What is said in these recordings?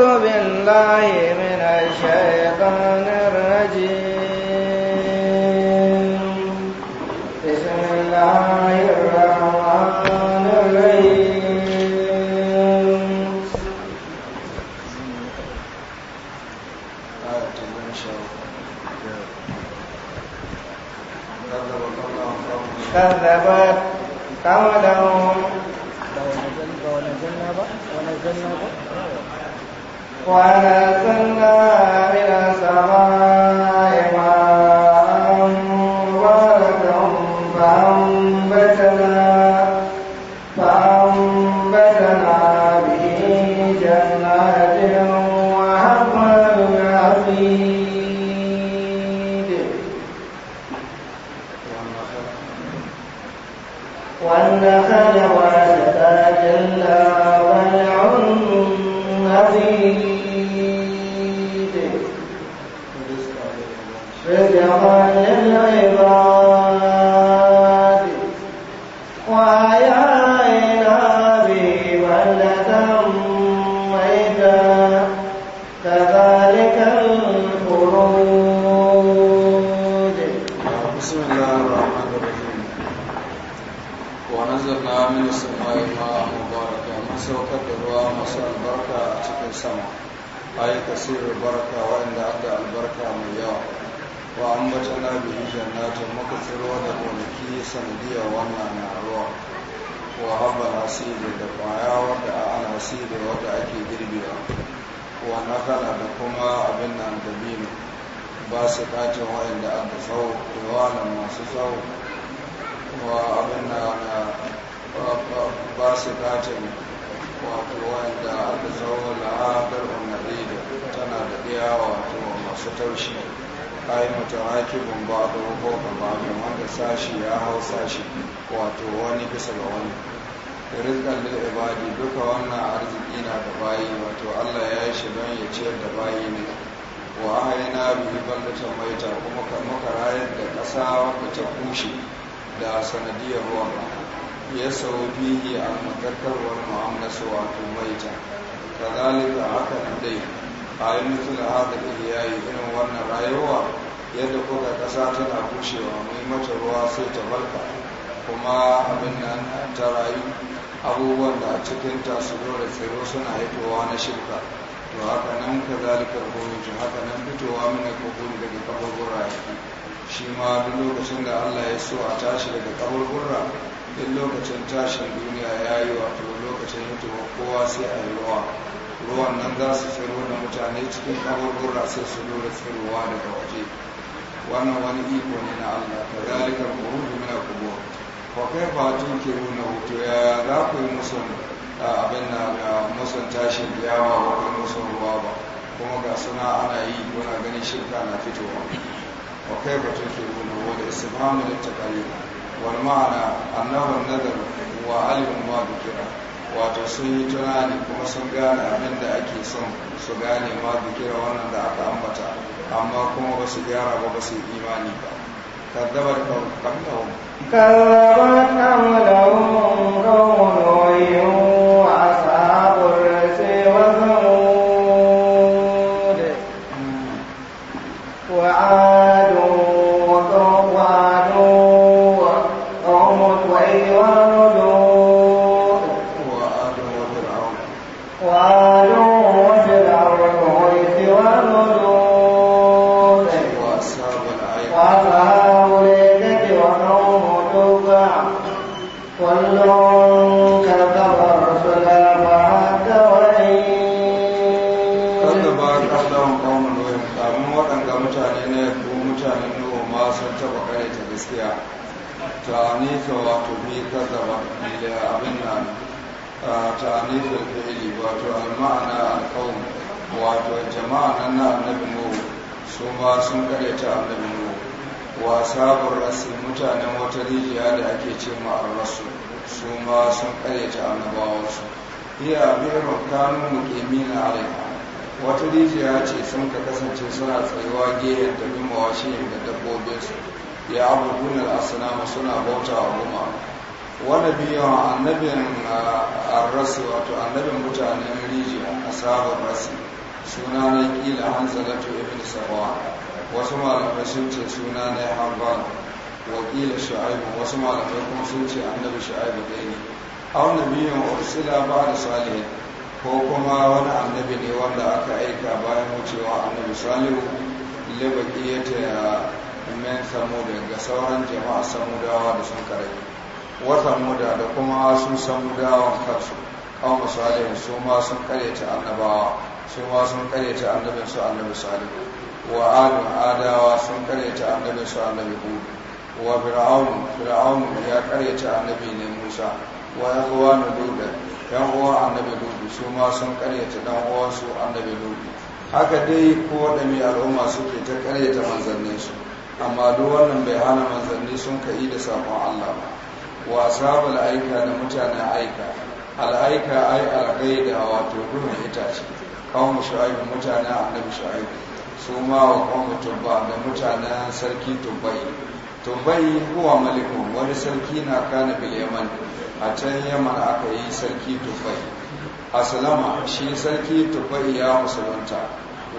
أعوذ بالله من الشيطان الرجيم بسم الله الرحمن الرحيم كذبت قبل وأنزلنا من فأنبتنا, فأنبتنا به جنات والنخل وشتات الأرض والعنب فيه sama ay kasirin baraka wa'anda adda albarka mai yawa wa ambatana bihi jannatin muka tsiro da gonaki sanadiyar wannan na ruwa wa habba nasiri da kwaya wadda a nasiri wadda ake girbewa wa nakala da kuma abin nan dabino ba su katin wa'anda adda tsawo da wa'annan masu tsawo wa abin na ba su katin wato wanda aka zaune la'adar umarni tana da ɗaya wato masu taushi ai mutum hakibin ba da ko ba mai wanda sashi ya hau sashi wato wani bisa ga wani rizkan lil ibadi duka wannan arziki na da bayi wato Allah ya yi shi don ya ciyar da bayi ne wa ahayna bi ballatan maita kuma muka da ƙasa wacce ta kushe da sanadiyar ruwan ya sau fihi a makarkarwar mu'amalasu wato maita ka zalika haka na dai a yi da haka yi irin wannan rayuwa yadda kuka ƙasa tana bushewa mai mata ruwa sai ta barka kuma abin nan ta rayu abubuwan da a cikin tasu da tsaro suna haifowa na shirka to haka nan ka zalika rubutu haka nan fitowa mana kaburi daga kaburbura shi ma duk lokacin da allah ya so a tashi daga kaburbura in lokacin tashin duniya ya yi wato lokacin mutuwa kowa sai a yi ruwa ruwan nan za su tsiro da mutane cikin kaburbura sai su lura tsirowa daga waje wannan wani iko ne na allah ka zalika kurudu mina kubo fa kai fa tuke nuna hoto ya za ku yi musun abin na musun tashin yawa ba ku musun ruwa ba kuma ga suna ana yi muna ganin shirka na fitowa fa kai fa tuke nuna wanda ismamu takalima والمعنى أنه النذر وعلم ما ذكر wato sun yi tunani kuma sun gane abin da ake son su gane ma kira wannan da aka ambata amma kuma ba su gyara ba ba su yi imani ba kaddabar kawunan kaddabar kawunan kawunan wayo a ba da salihin ko kuma wani annabi ne wanda aka aika bayan wucewa annabi salihu libaqiyata men samuda ga sauran jama'a samudawa da sun karai wata muda da kuma su samudawa kansu kawo salihin su ma sun karyata annabawa su ma sun karyata annabin su annabi salihu wa adun adawa sun ta annabin su annabi hudu wa fir'aun fir'aun ya karyata annabi ne musa wa yahuwa na duda yan uwan annabi dudu su ma sun karyata dan uwansu annabi dudu haka dai ko waɗanne al'umma suke ta karyata manzanninsu amma duk wannan bai hana manzanni sun ka yi da saƙon allah ba wa sabal aika da mutanen aika al'aika ai algaida wato duhun itace kawo mu shu'aibu mutanen annabi shu'aibu su ma wa kawo tubba da mutanen sarki tubbai tubbai huwa malikun wani sarki na kana bil a can yamma aka yi sarki tufai aslama shi sarki tufai ya musulunta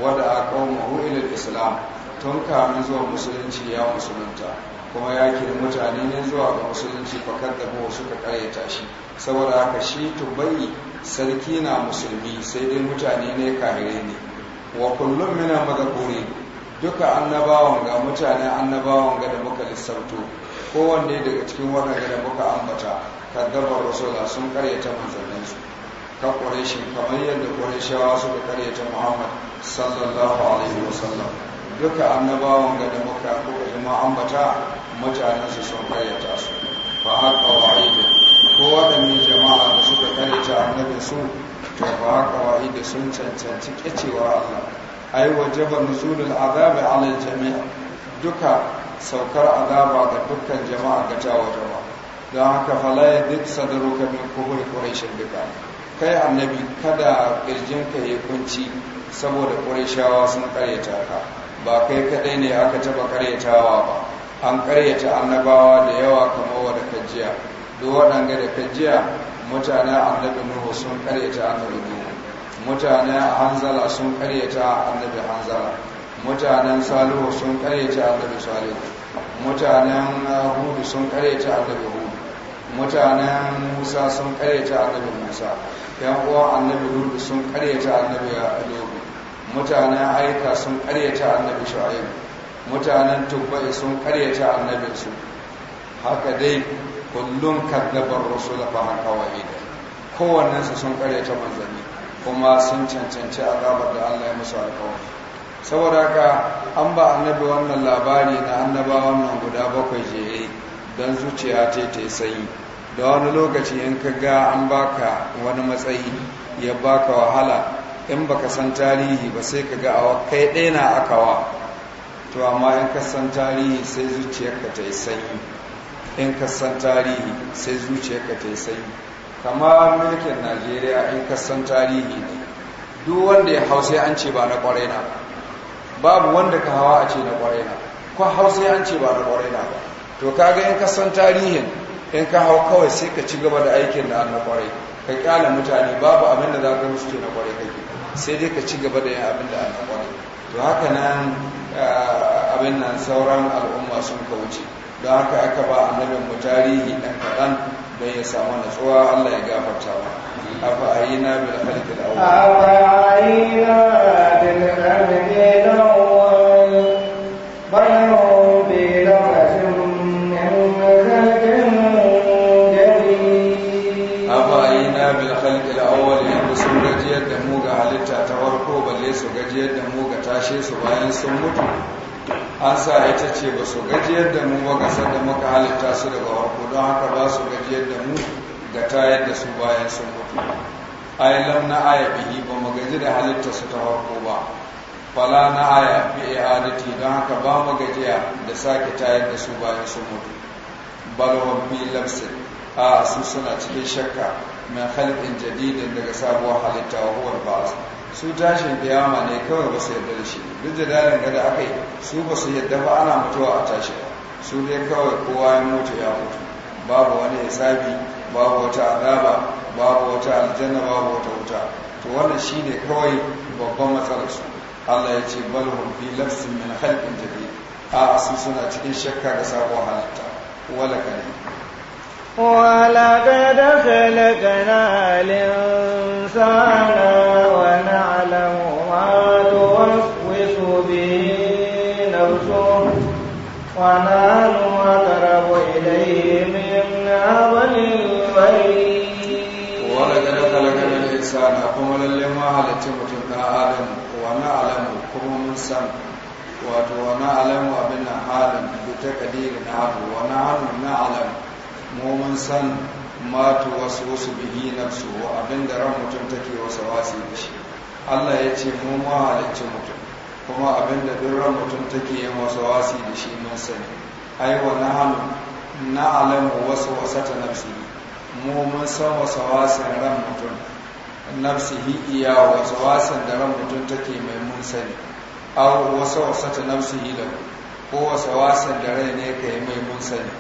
wadda a kawo ilil islam tun kamin zuwa musulunci ya musulunta kuma ya kiri mutane ne zuwa ga musulunci fakar da bawa suka karyata shi saboda haka shi tubai sarki na musulmi sai dai mutane ne kahire ne wa kullum mina mazakuri duka annabawan ga mutane annabawan ga da muka lissabto kowanne daga cikin waɗanda da muka ambata kaddabar rasulullah sun karyata su ka ƙureshi kamar yadda ƙureshawa suka karyata muhammad sallallahu alaihi wasallam duka annabawan ga da muka kuka jima ambata mutanensu sun karyata su ba haka wa'idin ko waɗannan jama'a da suka karyata su to ba haka wa'idin sun cancanci ƙicewar allah ai wajaba nuzulul azabi alal jami'a duka saukar azaba ga dukkan jama'a ga ta wajaba don haka falaya duk ka min kuhuri ƙuraishin duka kai annabi kada ƙirjinka ya kunci saboda ƙuraishawa sun ƙaryata ka ba kai kaɗai ne aka taɓa ƙaryatawa ba an ƙaryata annabawa da yawa kamar wadda kajiya duk waɗanga da kajiya mutane annabi nuhu sun ƙaryata annabi nuhu mutane hanzala sun ƙaryata annabi hanzala mutanen salihu sun ƙaryata annabi salihu mutanen hudu sun ƙaryata annabi hudu mutanen musa sun karyata annabi musa yan uwan annabi hudu sun karyata annabi yalubu mutanen aika sun karyata annabi shu'aib mutanen tubba'i sun karyata su haka dai kullum kaddabar da fa kawai da. kowannensu sun karyata manzanni kuma sun cancanci azabar da Allah ya musu alƙawari saboda haka an ba annabi wannan labari na annabawan nan guda bakwai jere don zuciya ta ta sanyi da wani lokaci in ka ga an baka wani matsayi ya baka wahala in baka san tarihi ba sai ka ga awa kai ɗaya na akawa to amma in ka san tarihi sai zuciyarka ta yi sanyi in ka san tarihi sai zuciyarka ta yi sanyi kamar mulkin najeriya in ka san tarihi ne duk wanda ya hau sai an ce ba na ƙwarai na babu wanda ka hawa a ce na ƙwarai na ko hau sai an ce ba na ƙwarai na ba to kaga in ka san tarihin in ka hau kawai sai ka ci gaba da aikin da na kwarai ka kyala mutane babu abin da za ka musu ke na kwarai kake sai dai ka ci gaba da yin abin da na kwarai to haka nan eh, abin nan sauran al'umma sun ka wuce don haka aka ba annabin mu tarihi ɗan kaɗan don ya samu natsuwa Allah ya gafarta ba afa ayina bil afa ayina bil gajiyar da mu ga tashe su bayan sun mutu an sa ya ta ce ba su gajiyar da mu ba gasar da muka halitta su daga warko don haka ba su gajiyar da mu ga tayar da su bayan sun mutu ai lam na aya bihi ba mu gaji da halitta su ta warko ba fala na aya bi i'adati don haka ba mu gajiya da sake tayar da su bayan sun mutu bal bi lafsin a su suna cikin shakka mai khalqin jadidin daga sabuwar halitta wa huwar ba'ath su tashin kiyama ne kawai ba su yarda da shi duk da dalin gada aka yi su ba su yarda ba ana mutuwa a tashi ba su dai kawai kowa ya mutu ya mutu babu wani hisabi babu wata azaba babu wata aljanna babu wata wuta to wannan shine kawai babban matsalar su Allah ya ce balhum fi lafsin min khalqin jadid a su suna cikin shakka da sabon halitta wala kalim ولقد خلقنا الإنسان ونعلم ما توسوس به نفسه ونحن أقرب إليه من عمل البيت ولقد خلقنا الإنسان قولا لما هلت متن آدم ونعلم كم من سن wato wani آدم abin na halin نعلم, ta mu mun san matu wasu wasu bihi nafsu abinda ran mutum take wasa wasi da shi Allah ya ce mu ma halicci mutum kuma abinda duk ran mutum take yin wasa wasi da shi mun sani ai wa Na alamu wasu ta nafsi mu mun san wasa wasin ran mutum nafsi hi iya wasu wasan da ran mutum take mai mun sani aw wasu nafsi hi da ko wasa wasan da rai ne kai mai mun sani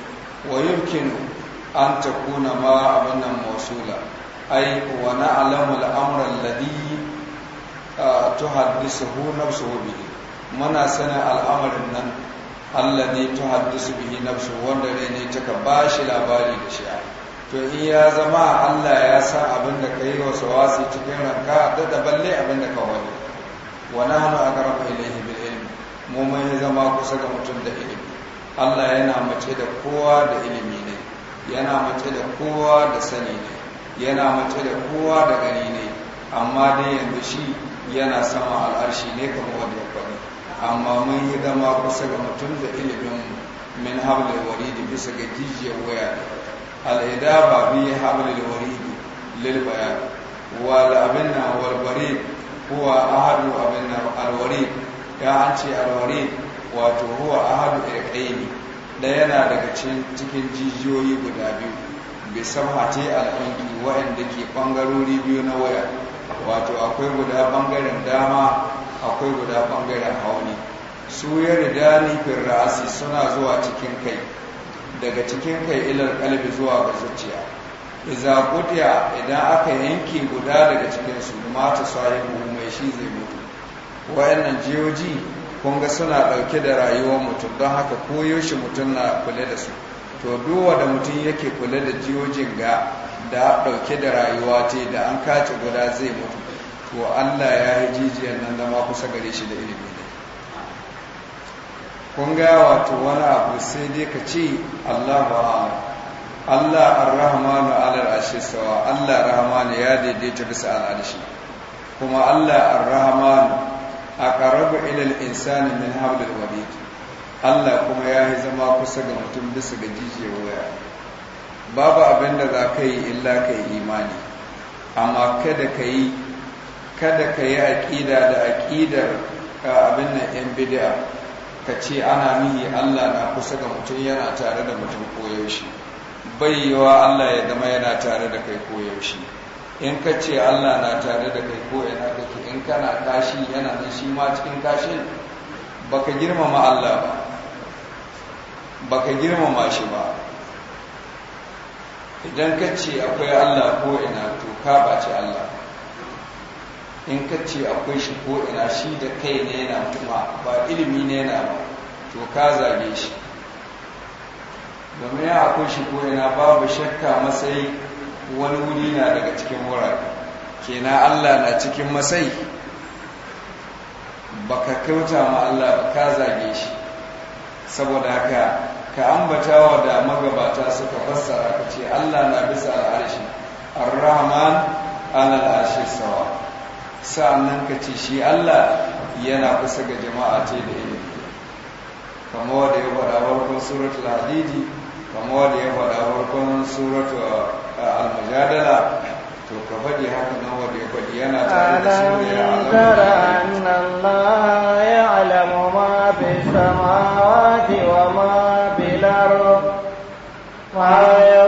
wa yumkinu an takuna ma abin nan mawsula ai wa ladi al-amra alladhi uh, tuhaddisuhu su bihi muna sanin al'amarin nan Allah ne alladhi haddisa bihi su wanda ne ne taka bashi labari da shi to in ya zama Allah ya sa abin da ka yi wasu wasi cikin ranka da da balle abin da ka wani wa nahnu aqrabu ilayhi bil ilmi mu mai zama kusa ga mutum da ilimi Allah yana mace da kowa da ilimi ne yana mace da kowa da sani ne yana mace da kowa da gani ne amma dai yanzu shi yana sama al'arshi ne kamar wanda ya faɗi amma mun yi zama kusa ga mutum da ilimin min hablil waridi bisa ga jijiyar waya al'ida ba bi hablil waridi lil bayan wal abin na wal barid huwa ahadu abin na alwari ya an ce alwari wato huwa ahadu irqaini da yana daga cikin jijiyoyi guda biyu bai samhate al'angi waɗanda ke ɓangarori biyu na waya wato akwai guda ɓangaren dama akwai guda ɓangaren hauni su ya rida nufin ra'asi suna zuwa cikin kai daga cikin kai ilar kalbi zuwa ga zuciya iza kutiya idan aka yanke guda daga cikinsu mata sahibu mai shi zai mutu waɗannan jiyoji kun ga suna ɗauke da rayuwar mutum don haka koyo shi mutum na kula da su to duwa da mutum yake kula da jiyojin ga da ɗauke da rayuwa ce da an kace guda zai mutu to allah ya yi jijiyar nan zama kusa gare shi da ilimi ne kun ga wato wani abu sai dai ka ce allah ba Allah ar alal sawa Allah rahmanu ya daidaita bisa al'adashi kuma Allah ar aqrabu ila al-insani min hablil walid Allah kuma ya yi zama kusa ga mutum bisa ga jijiyar waya babu abin da za ka yi illa ka yi imani amma kada ka yi kada ka yi aƙida da aƙidar abin nan yan bid'a ka ce ana nihi Allah na kusa ga mutum yana tare da mutum koyaushe bayyawa Allah ya zama yana tare da kai koyaushe in ka ce Allah na tare da kai ko ina kake in kana kashi yana nan shi ma cikin kashin baka girmama Allah ba baka girmama shi ba idan ka ce akwai Allah ko ina to ka baci Allah in ka ce akwai shi ko ina shi da kai ne yana kuma ba ilimi ne yana ba to ka zage shi domin ya akwai shi ko ina babu shakka matsayi wani wuri na daga cikin wurare kenan Allah na cikin masai baka kyauta ma Allah ba ka zage shi saboda haka ka ambatawa da magabata suka fassara ka ce Allah na bisa al'arshi ar-rahman ala al'arshi sawa sa'annan ka ce shi Allah yana kusa ga jama'a ce da ilimi kamar da ya faɗa farkon suratul hadidi kama wanda ya faɗa farkon suratu a mujadala to ka faɗi haka nan wanda ya faɗi yana tare da suriya a zama ma ya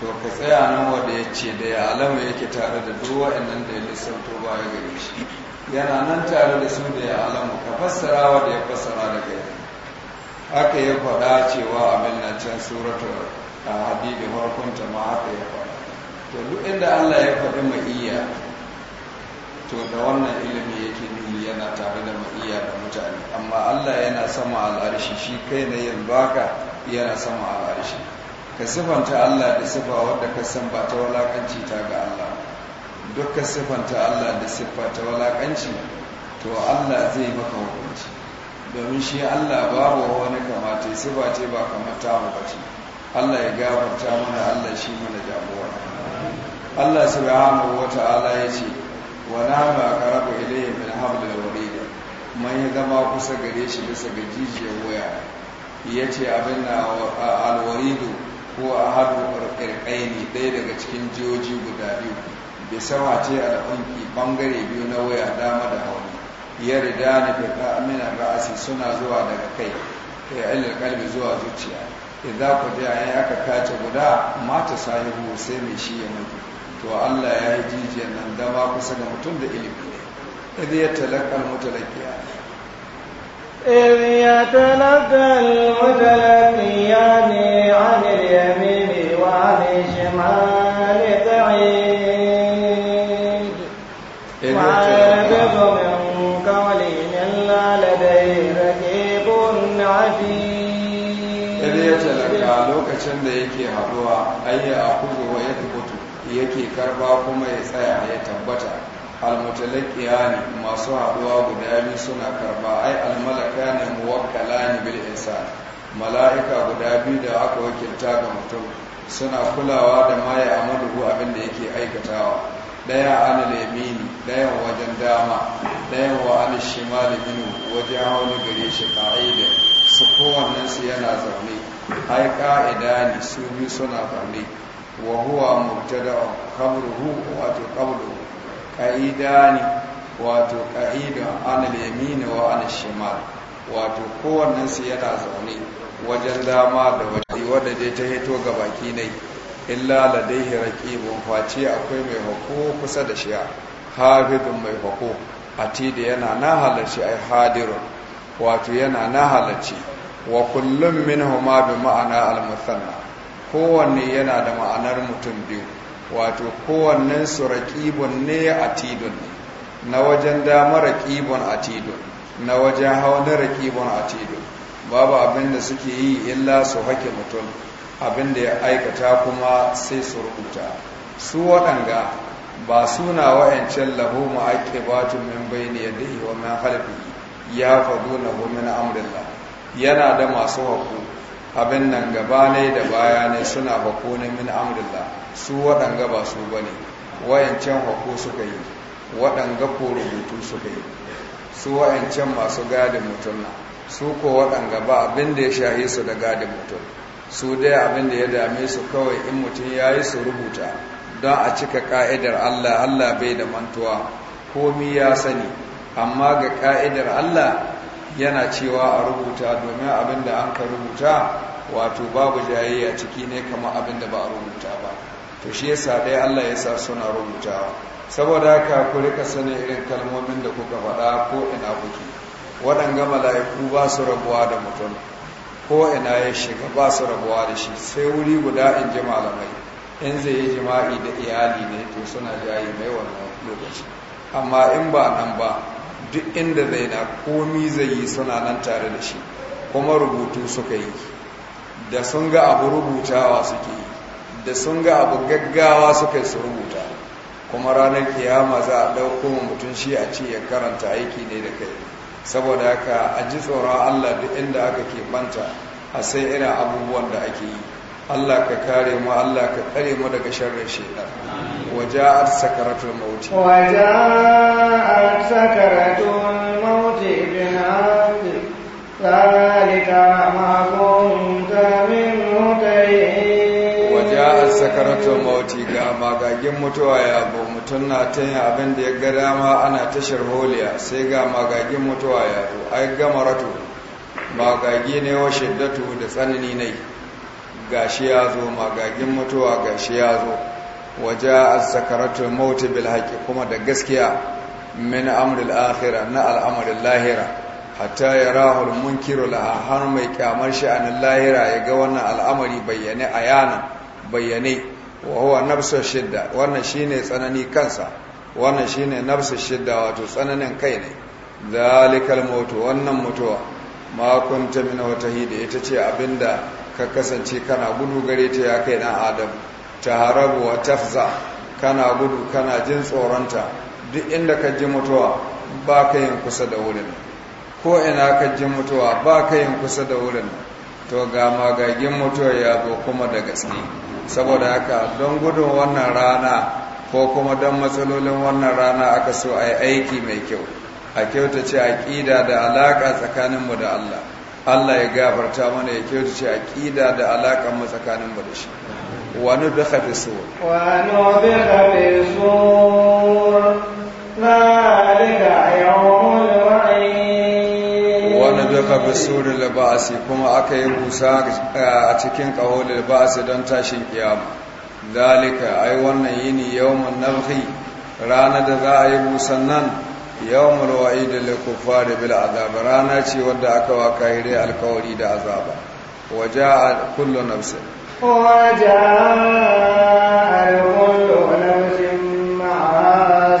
to ka tsaya nan wanda ya ce da ya alama yake tare da duwa wa'annan da ya ba baya gari shi yana nan tare da su da ya alama ka fassara wanda ya fassara da gari haka ya faɗa cewa abin na can a habibi farkonta ma haka ya faɗa to duk inda Allah ya faɗi ma'iyya to da wannan ilimi yake nuni yana tare da ma'iyya da mutane amma Allah yana sama al'arshi shi kai na yin baka yana sama al'arshi ka siffanta Allah da siffa wadda ka san ba ta walakanci ta ga Allah duk ka siffanta Allah da siffa ta walakanci to Allah zai maka hukunci domin shi Allah babu wani kamata siffa ce ba kamar ta hukunci Allah ya gafarta mana Allah shi mana jamuwa Allah subhanahu ta'ala ya ce wa na ma karabu ilayhi min hablil warid man ya zama kusa gare shi bisa ga jijiyar waya yace abin na alwaridu ko a ƙarƙai ƙirƙaini ɗaya daga cikin jihohi guda biyu da sama ce al'unki ɓangare biyu na waya dama da hauni ya rida ni da ka'amina ra'asi suna zuwa daga kai kai ainihin kalbi zuwa zuciya za ku da ya aka kace guda mata sahibu sai mai shi ya mutu to Allah ya yi jijiyar nan dama kusa da mutum da ilimi ne idza ya talaqal mutalaqiya إذ يتلقى المتلقيان عن اليمين وعن الشمال قعيد وعرفهم من قولهم لا لديه ركيب عتيد yadda lokacin da yake haduwa ayyar a kudu wa ya yake karba kuma ya tsaya ya tabbata almutalaqiya ne masu haɗuwa guda biyu suna karba ai almalaka ne muwakkala ne bil insan mala'ika guda biyu da aka wakilta ga mutum suna kulawa da ma ya amalu abin da yake aikatawa daya ana lemini daya wajen dama daya wa ana shimali binu wajen hawan gare shi ka'ida su kowannen su yana zaune ai ka'ida ne su biyu suna zaune wa huwa mubtada'u wato qabruhu ne, wato ƙa'idun an lemini wa an shimal wato kowannensu yana zaune wajen dama da waje wadda dai ta hito ga baki ne illa da dai bun face akwai mai hako kusa da shiya hafidun mai hako a da yana na halarci ai hadiru wato yana na halarci wa kullum min huma bi ma'ana al-musanna kowanne yana da ma'anar mutum biyu wato kowannen su raƙibon ne a Tidon? na wajen dama raƙibon a Tidon. na wajen na raƙibon a Tidon. babu abin da suke yi illa su hake mutum abin da ya aikata kuma sai su rubuta su waɗanga ba suna wa'ancan lahu ma'aqibatun min yadda yi wa min halifi ya faɗo na min amrillah yana da masu haƙu abin nan gabanai da baya ne suna hako min amrillah su waɗanga ba su ba ne wayancan hako suka yi waɗanga ko rubutu suka yi su wayancan masu gadin mutum na su ko waɗanga ba abin da ya shahi su da gadin mutum su dai abin da ya dame su kawai in mutum ya yi su rubuta don a cika ka'idar allah allah bai da mantuwa komi ya sani amma ga ka'idar allah yana cewa a rubuta domin abin da an ka rubuta wato babu jayayya ciki ne kama abin da ba a rubuta ba to shi yasa dai Allah ya sa suna rubutawa saboda haka ku rika sanin irin kalmomin da kuka faɗa ko ina kuke waɗanga mala'iku ba su rabuwa da mutum ko ina ya shiga ba su rabuwa da shi sai wuri guda in ji malamai in zai yi jima'i da iyali ne to suna jayi mai wannan lokaci amma in ba nan ba duk inda zai na komi zai yi suna nan tare da shi kuma rubutu suka yi da sun ga abu rubutawa suke yi da sun ga abu gaggawa suka yi su rubuta kuma ranar kiyama za a ɗauko mutum shi a ce ya karanta aiki ne da kai saboda haka a ji tsoron allah duk inda aka ke banta a sai irin abubuwan da ake yi allah ka kare mu allah ka kare mu daga sharrin shekar وجاءت سكرة الموت وجاءت سكرة الموت بالحق ذلك ما كنت منه تئين وجاءت سكرة الموت ga magagin mutuwa ya bo mutum na ta yin abin da ya ga dama ana tashar holiya sai ga magagin mutuwa ya bo ai gama rato magagi ne wa shiddatu da tsanani ne gashi ya zo magagin mutuwa gashi ya zo Waje a sakaratul maut bil haqqi kuma da gaskiya min amril akhirah na al'amarin lahira hatta yarahu al-munkiru la har mai kyamar sha'anin lahira ya ga wannan al'amari bayyane ayana bayyane wa huwa nafsu shidda wannan shine tsanani kansa wannan shine nafsu shidda wato tsananin kai ne zalikal maut wannan mutuwa ma kunta min wata hidi ita ce abinda ka kasance kana gudu gare ta ya kai dan adam ta harabu wa tafza kana gudu kana jin tsoronta duk inda ka ji mutuwa ba ka yin kusa da wurin ko ina ka ji mutuwa ba ka yin kusa da wurin to ga magagin mutuwa ya zo kuma da gaske saboda haka don gudun wannan rana ko kuma don matsalolin wannan rana aka so a yi aiki mai kyau a kyauta ce aƙida da alaƙa tsakaninmu da Allah Allah ya gafarta mana ya a aqida da alakan mu tsakanin mu da shi wa nudkha fi sur wa nudkha fi sur zalika yawmul wa'id wa nudkha fi su da basi kuma aka yi busa a cikin qawl da basi don tashin kiyama Dalika ai wannan yini yawmun nabhi Rana da za a yi busan nan yawmul wa'id lil fara bil azab rana ce wadda aka wa kahire alkawari da azaba waje a nafsin waja'a kullu nafsin ma'a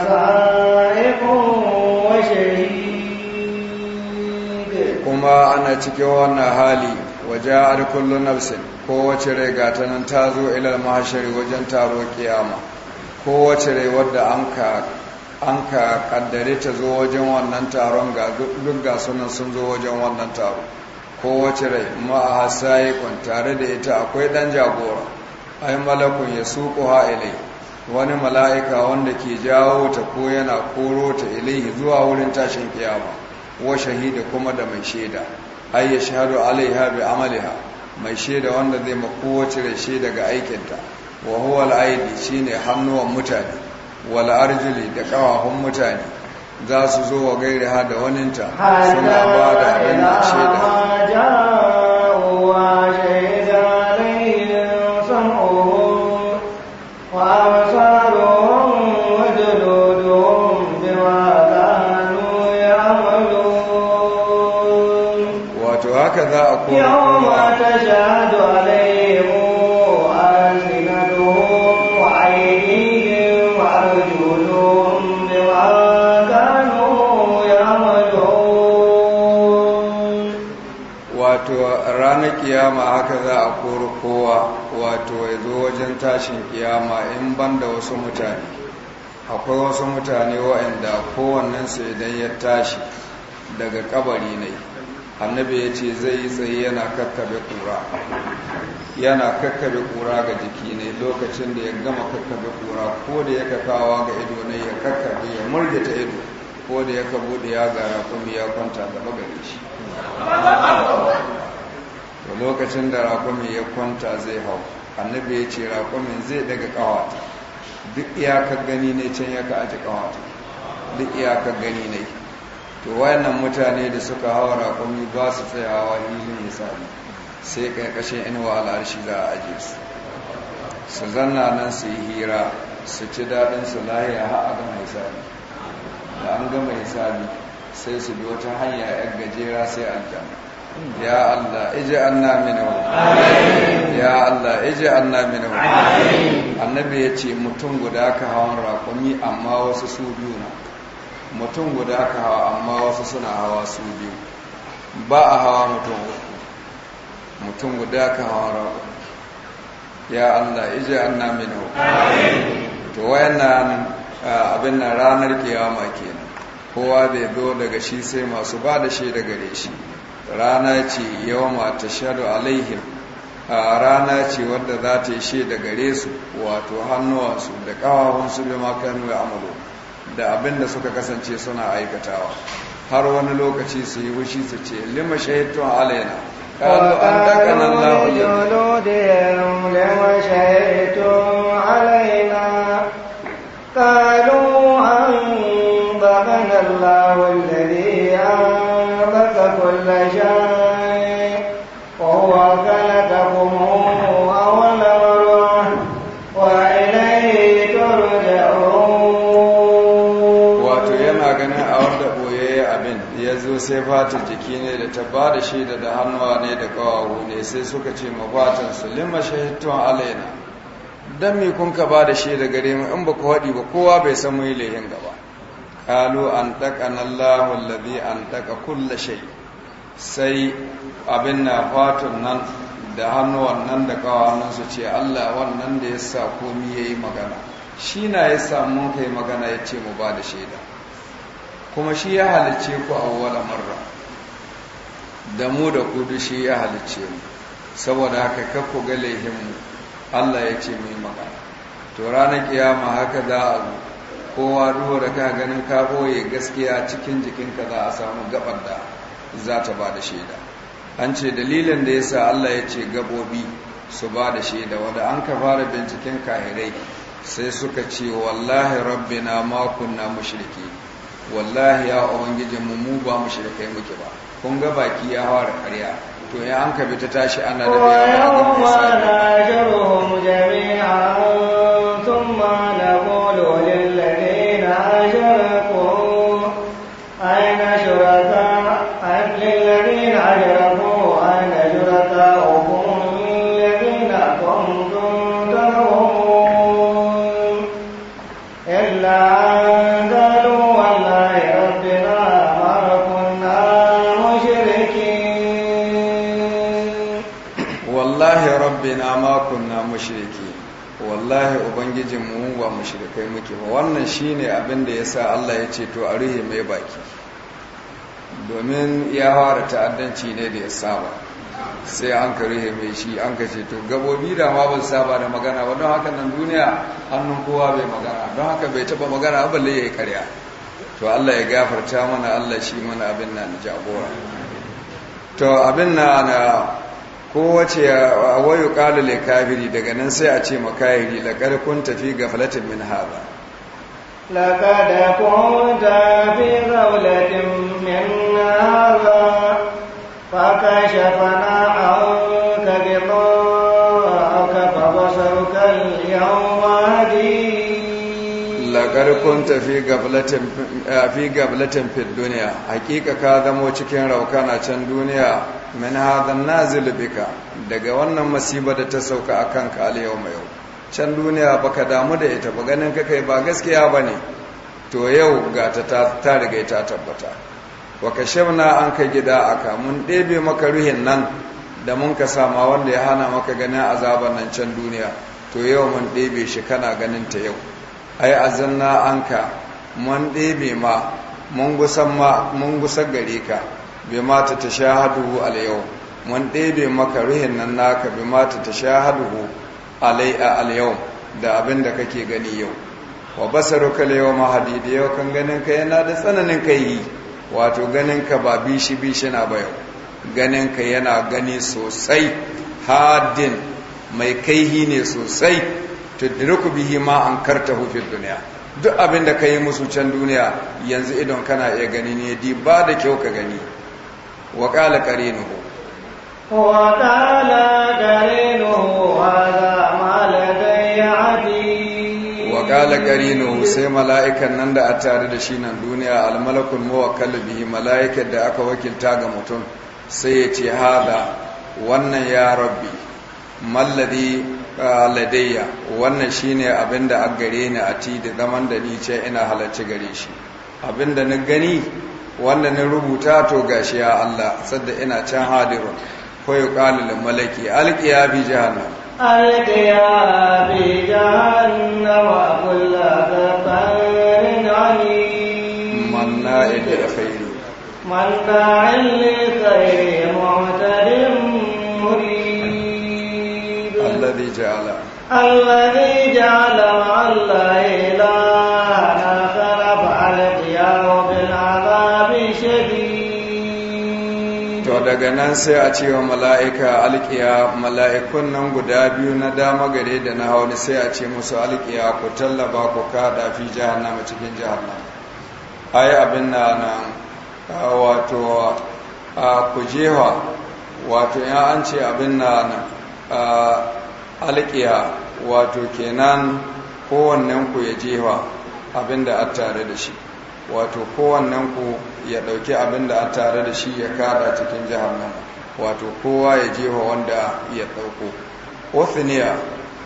kuma ana cikin wannan hali waje waja'a kullum nafsin kowace rai gata nan ta zo ilal mahshari wajen taro kiyama kowace rai wadda an ka an ka kaddare ta zo wajen wannan taron ga duk ga sunan sun zo wajen wannan taro kowace rai ma'a kun tare da ita akwai dan jagora ai malakun ya ha ilai wani mala'ika wanda ke jawo ta ko yana koro ta ilaihi zuwa wurin tashin kiyama wa shahida kuma da mai shaida ai ya shahadu alaiha bi amaliha mai shaida wanda zai ma kowace rai shaida ga aikinta wa huwa al-aidi shine hannuwan mutane wal'arjili da kawahun mutane za su zo wa gairi ha da waninta suna ba da abin da shaida wato ranar kiyama haka za a kori kowa wato ya zo wajen tashin kiyama in ban da wasu mutane akwai wasu mutane waɗanda kowannensu idan ya tashi daga kabari ne annabi ya ce zai yi tsaye yana kakkabe kura yana kakkabe kura ga jiki ne lokacin da ya gama kakkabe kura ko da ya kakawa ga ido ne ya kakkabe ya murgita ido ko da ya da ya gara kuma ya kwanta gaba gare shi da lokacin da rakumi ya kwanta zai hau annabi ya ce rakumi zai daga ƙawata duk iyakar gani ne can ya ka aji duk iyakar gani ne to wayannan mutane da suka hawa rakumi ba su tsayawa hilin hisabi sai ƙarƙashin inuwa al'arshi za a aje su su zanna nan su yi hira su ci daɗin su lahiya har a gama hisabi da an gama hisabi sai su bi wata hanya yan gajera sai aljanna ya Allah ije anna amin ya Allah ije anna amin annabi ya ce mutum guda ka hawan raƙumi amma wasu su biyu na mutum guda ka hawa amma wasu suna hawa su biyu ba a hawa mutum uku mutum guda ka hawa raƙumi. ya Allah ije anna amin to wayannan ah, abin nan ranar kiyama kenan kowa zai zo daga shi sai masu ba da shi daga gare shi rana ce yawma tashhadu alaihim a rana ce wadda za ta yi shi daga su wato hannuwansu da ƙawawansu bai makanu ya amalo da abin da suka kasance suna aikatawa har wani lokaci su yi wushi su ce lima shahidtun alaina kalu an خلقنا الله الذي أنبت كل شيء وهو خلقكم أول مرة وإليه wato yana ganin a wanda ɓoye abin ya zo sai fata jiki ne da ta ba da shi da hannuwa ne da kawawu ne sai suka ce mafatan su lima shahitton alaina don me kun ka ba da shi da gare mu in ba ku haɗi ba kowa bai san mu yi lehin gaba kalu an ɗaƙana Allahu alladhi an ɗaƙa kulla shai sai abin na fatun nan da hannuwan nan da kawanan su ce Allah wannan da ya sa komi ya yi magana shi na ya samu kai magana ya ce mu ba da shaida kuma shi ya halicce ku a wala marra da mu da kudu shi ya halicce mu saboda haka kakku ga laihinmu Allah ya ce mu yi magana to ranar kiyama haka za a kowa ruwa da ka ganin ka boye gaskiya cikin jikinka za a samu gabar da za ta ba da shaida an ce dalilin da ya sa Allah ya ce gabobi su ba da shaida wadda an ka fara binciken kahirai sai suka ce wallahi rabbina ma kunna mushriki wallahi ya ubangijin mu mu ba mushrikai muke ba kun ga baki ya fara karya. to ya an ka bi ta tashi ana da bayanin ubangijin mu ba muke ba wannan shine abin da yasa Allah ya ce to a ruhe mai baki domin ya fara ta'addanci ne da ya saba sai an ka ruhe mai shi an ka ce to gabobi da ma ba saba da magana ba don haka nan duniya hannun kowa bai magana don haka bai taba magana ba balle yayi karya to Allah ya gafarta mana Allah shi mana abin nan jagora to abin na na kowace wayo ƙalule kabiri kafiri daga nan sai a ce makayiri da kun tafi ga falatin min haɗa laƙada kun tafi ga min haɗa fa kashe fana a garkon ta fi gablatin eh, fit duniya hakika ka zamo cikin rauka na can duniya min hadan nazil bika daga wannan masiba da ta sauka a kanka al yau mai can duniya baka damu da ita ba ganin ka kai ba gaskiya ba ne to yau ga ta ta riga ta tabbata wa kashafna an ka gida aka mun debe maka ruhin nan da mun ka sama wanda ya hana maka ganin azaban nan can duniya to yau mun debe shi kana ganin ta yau ai azanna anka mun ɗebe ma mun gusan gare ka bi mata ta shahadu al yau mun ɗebe maka ruhin nan naka bi mata ta shahadu alai a yau da abin da kake gani yau wa basaruka al yau mahadi da yau kan ganin ka yana da tsananin kai wato ganin ka ba bishi bishi na ba yau ganin ka yana gani sosai hadin mai kaihi ne sosai tudriku bihi ma ankartahu fid duniya duk abin da kai musu can duniya yanzu idon kana iya gani ne di ba da kyau ka gani wa qala qarinuhu wa qala qarinuhu hadha ma ladayya adi sai mala'ikan nan da a tare da shi nan duniya almalakun malakul muwakkal bihi mala'ikan da aka wakilta ga mutum sai ya ce hada wannan ya rabbi malladi ladayya wannan shine abinda a gare ni a ti da zaman da ni ce ina halarci gare shi Abinda na gani wanda na rubuta to gashi ya Allah sadda ina can hadirun ko kalu lil malaki alqiya bi jahannam alqiya bi jahannam wa kullu kafarin manna ila khairi manna ila khairi mu'tadim جعل الذي جعل مع آخر فألقياه بالعذاب to daga nan sai a ce wa mala'ika alƙiya mala'ikun nan guda biyu na dama gare da na hauni sai a ce musu alƙiya ku tallaba ku kada fi jahannama cikin jahannama ai abin na nan wato ku jefa wato ya an ce abin na nan alƙiya wato kenan kowannen ku ya jefa abin da a tare da shi wato kowannen ku ya ɗauki abin da a tare da shi ya kada cikin jahannama wato kowa ya jefa wanda ya ɗauko othniya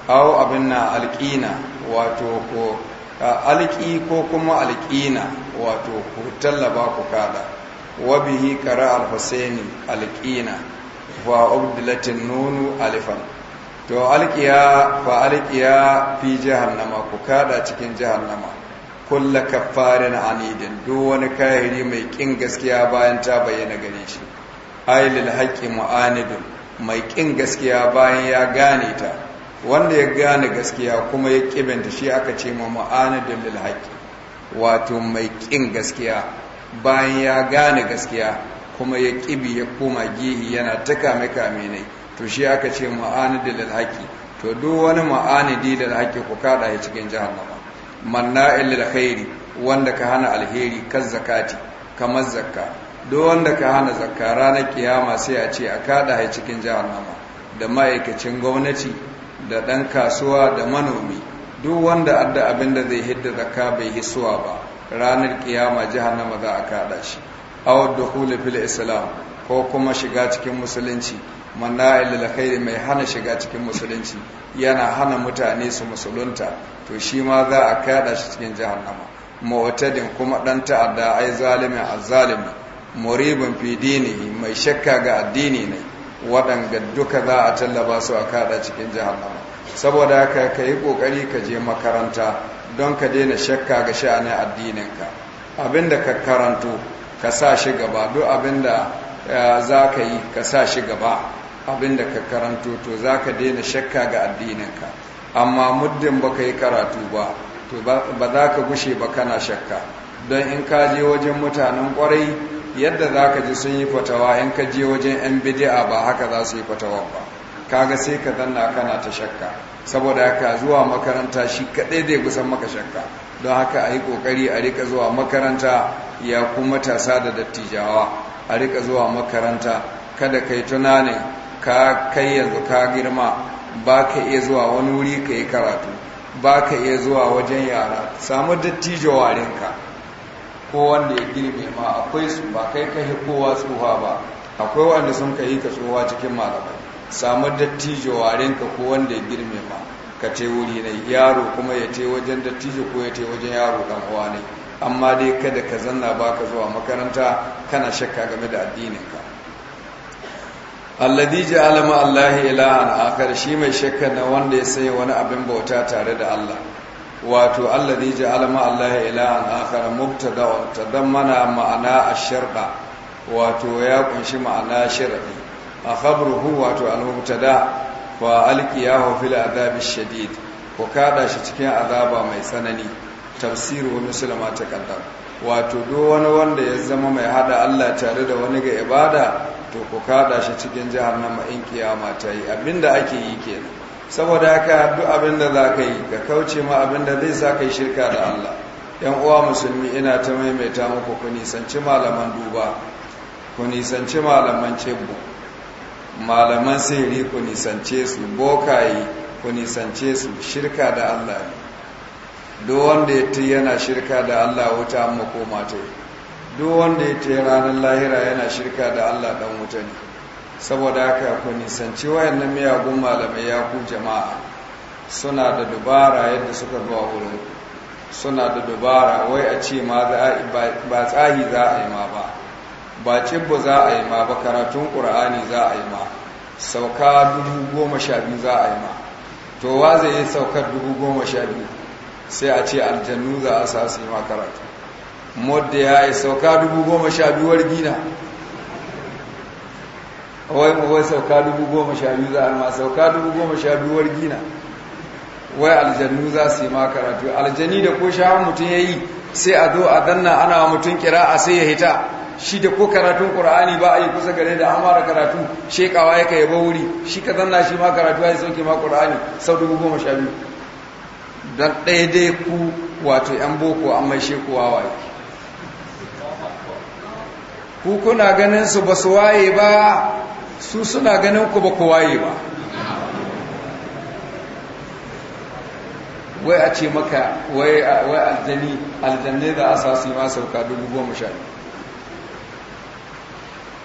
aw abin na alƙina wato ko alƙi ko kuma alƙina wato ku tallaba ku kada wabihi kara al-husaini alƙina wa ubdilatin nunu alifan to alƙiya fa alƙiya fi jahannama ku kada cikin jahannama kulla kaffarin anidin duk wani kahiri mai ƙin gaskiya bayan ta bayyana gare shi ailil haqqi mu'anidun mai ƙin gaskiya bayan ya gane ta wanda ya gane gaskiya kuma ya kibinta shi aka ce ma mu'anidun lil haqqi wato mai ƙin gaskiya bayan ya gane gaskiya kuma ya kibi ya koma gihi yana ta kame kame to shi aka ce ma'anidi lil to duk wani ma'anidi lil ku kada ya cikin jahannama manna illa khairi wanda ka hana alheri kan zakati kamar zakka duk wanda ka hana zakka ranar kiyama sai a ce a kada ya cikin jahannama da ma'aikacin gwamnati da ɗan kasuwa da manomi duk wanda adda abin da zai hidda zakka bai hisuwa ba ranar kiyama jahannama za a kada shi aw dukhul fil islam ko kuma shiga cikin musulunci manna ilalakairi mai hana shiga cikin musulunci yana hana mutane su musulunta to shi ma za a kada shi cikin jahannama mawatadin kuma ɗan ta'adda ai zalimin azzalimi muribin fidini mai shakka ga addini ne waɗanga duka za a tallaba su a kada cikin jahannama saboda haka ka yi ƙoƙari ka je makaranta don ka daina shakka ga sha'anin addininka abinda ka karanto ka sa shi gaba duk abinda eh, za ka yi ka sa shi gaba abinda ka karanto to za ka daina shakka ga addininka amma muddin ba ka yi karatu ba to ba za ka gushe ba kana shakka don in ka je wajen mutanen kwarai yadda za ka ji sun yi fatawa in ka je wajen 'yan bidi'a ba haka za su yi fatawa ba kaga sai ka zanna kana ta shakka saboda haka zuwa makaranta shi kaɗai zai kusan maka shakka don haka a yi ƙoƙari a rika zuwa makaranta ya kuma tasa da dattijawa a rika zuwa makaranta kada kai tunanin ka kai yanzu ka girma ba ka iya zuwa wani wuri ka yi karatu ba ka iya zuwa wajen yara samu dattijo warinka ko wanda ya girme ma akwai su ba kai ka kowa tsuha ba akwai wanda sun ka yi ka tsuha cikin malamai samu dattijo warinka ko wanda ya girme ma ka ce wuri ne yaro kuma ya ce wajen dattijo ko ya ce wajen yaro dan uwa ne amma dai kada ka zanna ba ka zuwa makaranta kana shakka game da addininka alladhi ja'ala ma allahi ilahan akhar shi mai shakka na wanda ya sanya wani abin bauta tare da Allah wato alladhi ja'ala ma allahi ilahan akhar mubtada tadammana ma'ana ash-sharqa wato ya kunshi ma'ana sharqi a khabruhu wato al-mubtada fa alqiyahu fil adhab ash-shadid ko kada shi cikin azaba mai tsanani tafsiru muslima ta kaddam wato duk wani wanda ya zama mai hada Allah tare da wani ga ibada to ku kada shi cikin jihar na ma'in kiyama ta yi abinda ake yi kenan saboda haka duk abinda za ka yi ka kauce ma abinda zai sa kai shirka da Allah yan uwa musulmi ina ta maimaita muku ku nisanci malaman duba ku nisanci malaman cebu malaman sirri ku nisance su bokaye ku nisance su shirka da Allah duk wanda ya yana shirka da Allah wuta ko mata yi duk wanda ya tayi ranar lahira yana shirka da Allah dan wuta ne saboda haka ku nisanci wayannan miyagun malamai ya ku jama'a suna da dubara yadda suka zuwa wurin suna da dubara wai a ce ma ba tsahi za a yi ma ba ba cibbo za a yi ma ba karatun ƙura'ani za a yi ma sauka dubu goma sha biyu za a yi ma to wa zai yi saukar dubu goma sha biyu sai a ce aljannu za a sa su yi ma karatu modda ya yi sauka dubu goma sha biyuwar gina wai mawai sauka dubu goma sha biyu za a ma sauka dubu goma sha biyuwar gina wai aljannu za su yi ma karatu aljani da ko sha mutum ya yi sai a zo a danna ana wa mutum kira a sai ya hita shi da ko karatun ƙura'ani ba a yi kusa gare da amara karatu shekawa ya ka yaba wuri shi ka zanna shi ma karatu ya yi sauke ma ƙura'ani sau dubu goma sha biyu don ɗaya dai ku wato 'yan boko an mai shekuwa wa yake ku kuna ganin su ba waye ba su suna ganin ku ba ku waye ba wai a ce maka wai aljani aljanne da asasi ma sauka dubu goma sha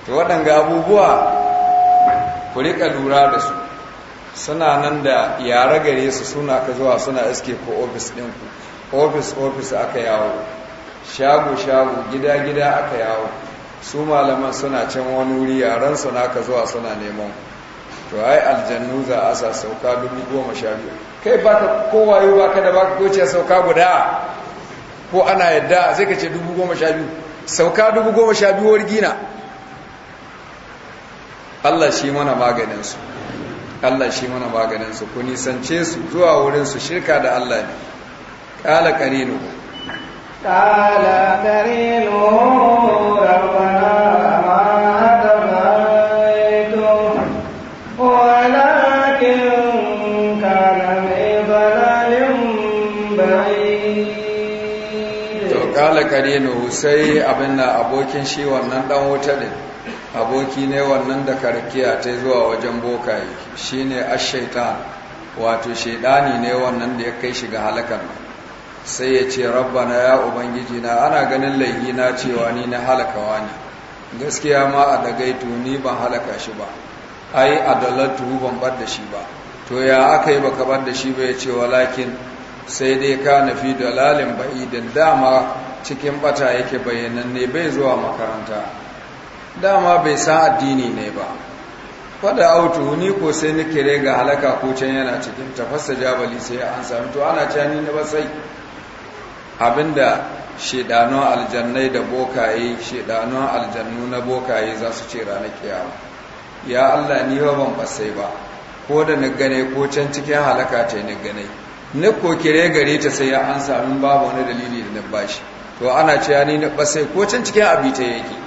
to waɗanga abubuwa ku riƙa lura da su suna nan da yare gare su suna ka zuwa suna iske ku ofis ɗinku ofis ofis aka yawo shago shago gida gida aka yawo su malaman suna can wani wuri yaran na ka zuwa suna neman to ai aljannu za a sa sauka dubu goma sha biyu kai baka kowayo ka da ka koce sauka guda ko ana yadda zai ka ce dubu goma sha biyu sauka dubu goma sha biyu wargina Allah shi mana maganinsu Allah shi mana maganinsu ku nisance su zuwa wurinsu shirka da Allah ne ƙala ƙarinu sai abin na abokin shi wannan dan wuta ne aboki ne wannan da karkiya ta zuwa wajen bokaye shine ash-shaytan wato shaidani ne wannan da ya kai shiga ga halakar sai ya ce rabbana ya ubangiji na ana ganin laifi na cewa ni na halakawa ne gaskiya ma a dagaito ni ban halaka shi ba ai adalatu ban bar da shi ba to ya aka yi baka bar da shi ba ya ce Lakin sai dai ka nafi dalalin ba'idin dama cikin bata yake ne bai zuwa makaranta dama bai san addini ne ba fada autu ni ko sai ni kire ga halaka ko can yana cikin tafassa jabali sai an sami to ana cani na ba sai abinda shedanun aljannai da bokaye shedanun aljannu na bokaye za su ce ranar kiyama ya Allah ni ba ban basai ba ko da ni gane ko can cikin halaka ta ni gane ni ko kire gare ta sai ya an samu babu wani dalili da na bashi to ana cewa ni na basai ko can cikin abi ta yake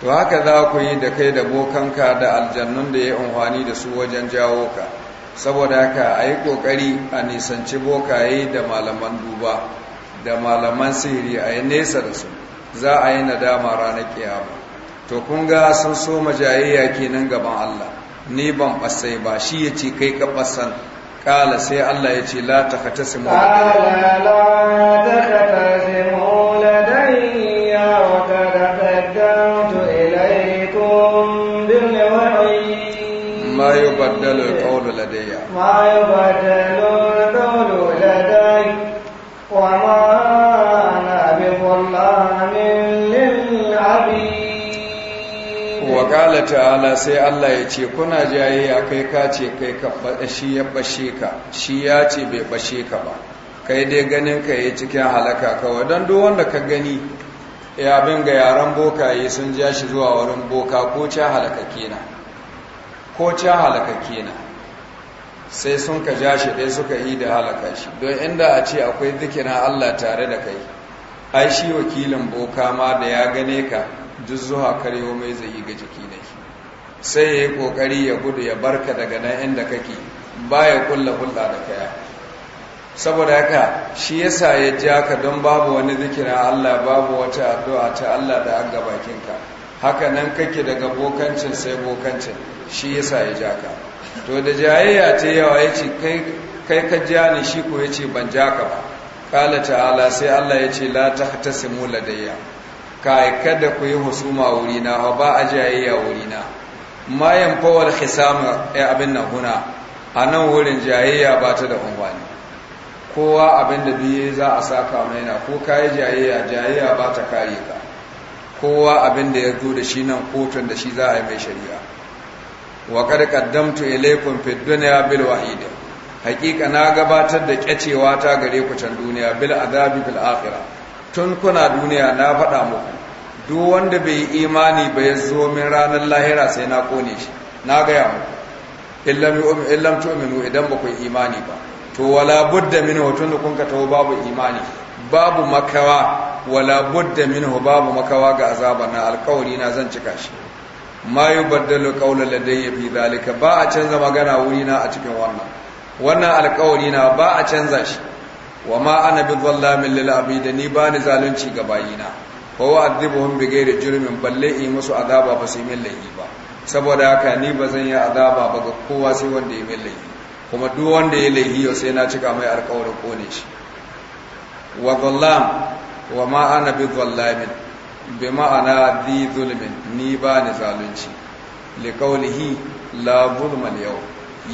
to haka za ku yi da kai da bokanka da aljannun da ya unhwani da su wajen jawo ka saboda haka a yi ƙoƙari a nisanci bokaye da malaman duba da malaman sihiri a yi nesa da su za a yi nadama ranar kiyama to kun ga sun so majayayya kenan gaban Allah ni ban fasai ba shi ya ce kai ka fasan kala sai Allah ya ce la takatasimu kala la takatasimu ladayya wa kad ya kawo da ladayya ma yi al-qawlu waƙala ta'ala sai Allah ya ce kuna ya kai ka ce kai shi ya bashe ka shi ya ce bai bashe ka ba kai dai ganin ka yi cikin halaka kawai don duk wanda ka gani ya bin ga yaran bokaye sun ja shi zuwa wurin boka ko ca halaka na ko ca halaka na sai sun ka ja shi dai suka yi da halaka shi don inda a ce akwai zikirin Allah tare da kai ai shi wakilin boka ma da ya gane ka duk zuwa karewa mai zai ga jiki ne sai ya yi ƙoƙari ya gudu ya barka daga nan inda kake ba ya kulla kulla da kaya saboda haka shi yasa ya ja ka don babu wani zikira Allah babu wata addu'a ta Allah da an ka haka nan kake daga bokancin sai bokancin shi yasa ya ja ka to da jayayya ta yawa ya ce kai ka ja ni shi ko ya ce ban ja ka ba ƙala ta'ala sai Allah ya ce la ta ta simu ladayya kai kada ku yi husuma wurina wa ba a jayayya wurina mayan fawar hisama ya eh, abin na huna a nan wurin jayayya ba ta da umarni. kowa abin da biye za a saka mai na ko ka yi jayayya jayayya ba ta kare ka kowa abin da ya zo da shi nan kotun da shi za a yi mai shari'a wa qad kaddamtu ilaykum fid dunya bil wahid haqiqa na gabatar da kyacewa ta gare ku can duniya bil azabi bil akhirah tun kuna duniya na faɗa muku duk wanda bai imani ba ya zo min ranar lahira sai na kone shi na gaya mu illam tu'minu idan ba ku imani ba to wala budda min hotun da kun ka taho babu imani babu makawa wala budda min babu makawa ga azaba na alkawari na zan cika shi ma yubaddalu qawla ladayya fi zalika ba a canza magana wuri na a cikin wannan wannan alkawari na ba a canza shi wa ma ana bi dhallamin lil abidani ba ni zalunci ga bayina wa wa'adibuhum bigai da jurmin balle yi musu azaba ba su yi min laifi ba saboda haka ni ba zan yi azaba ba ga kowa sai wanda ya yi min laifi kuma duk wanda ya laifi yau sai na cika mai alƙawarin kone shi wa zallam wa ma ana bi zallamin bi ma'ana di zulmin ni ba ni zalunci li qawlihi la zulma yau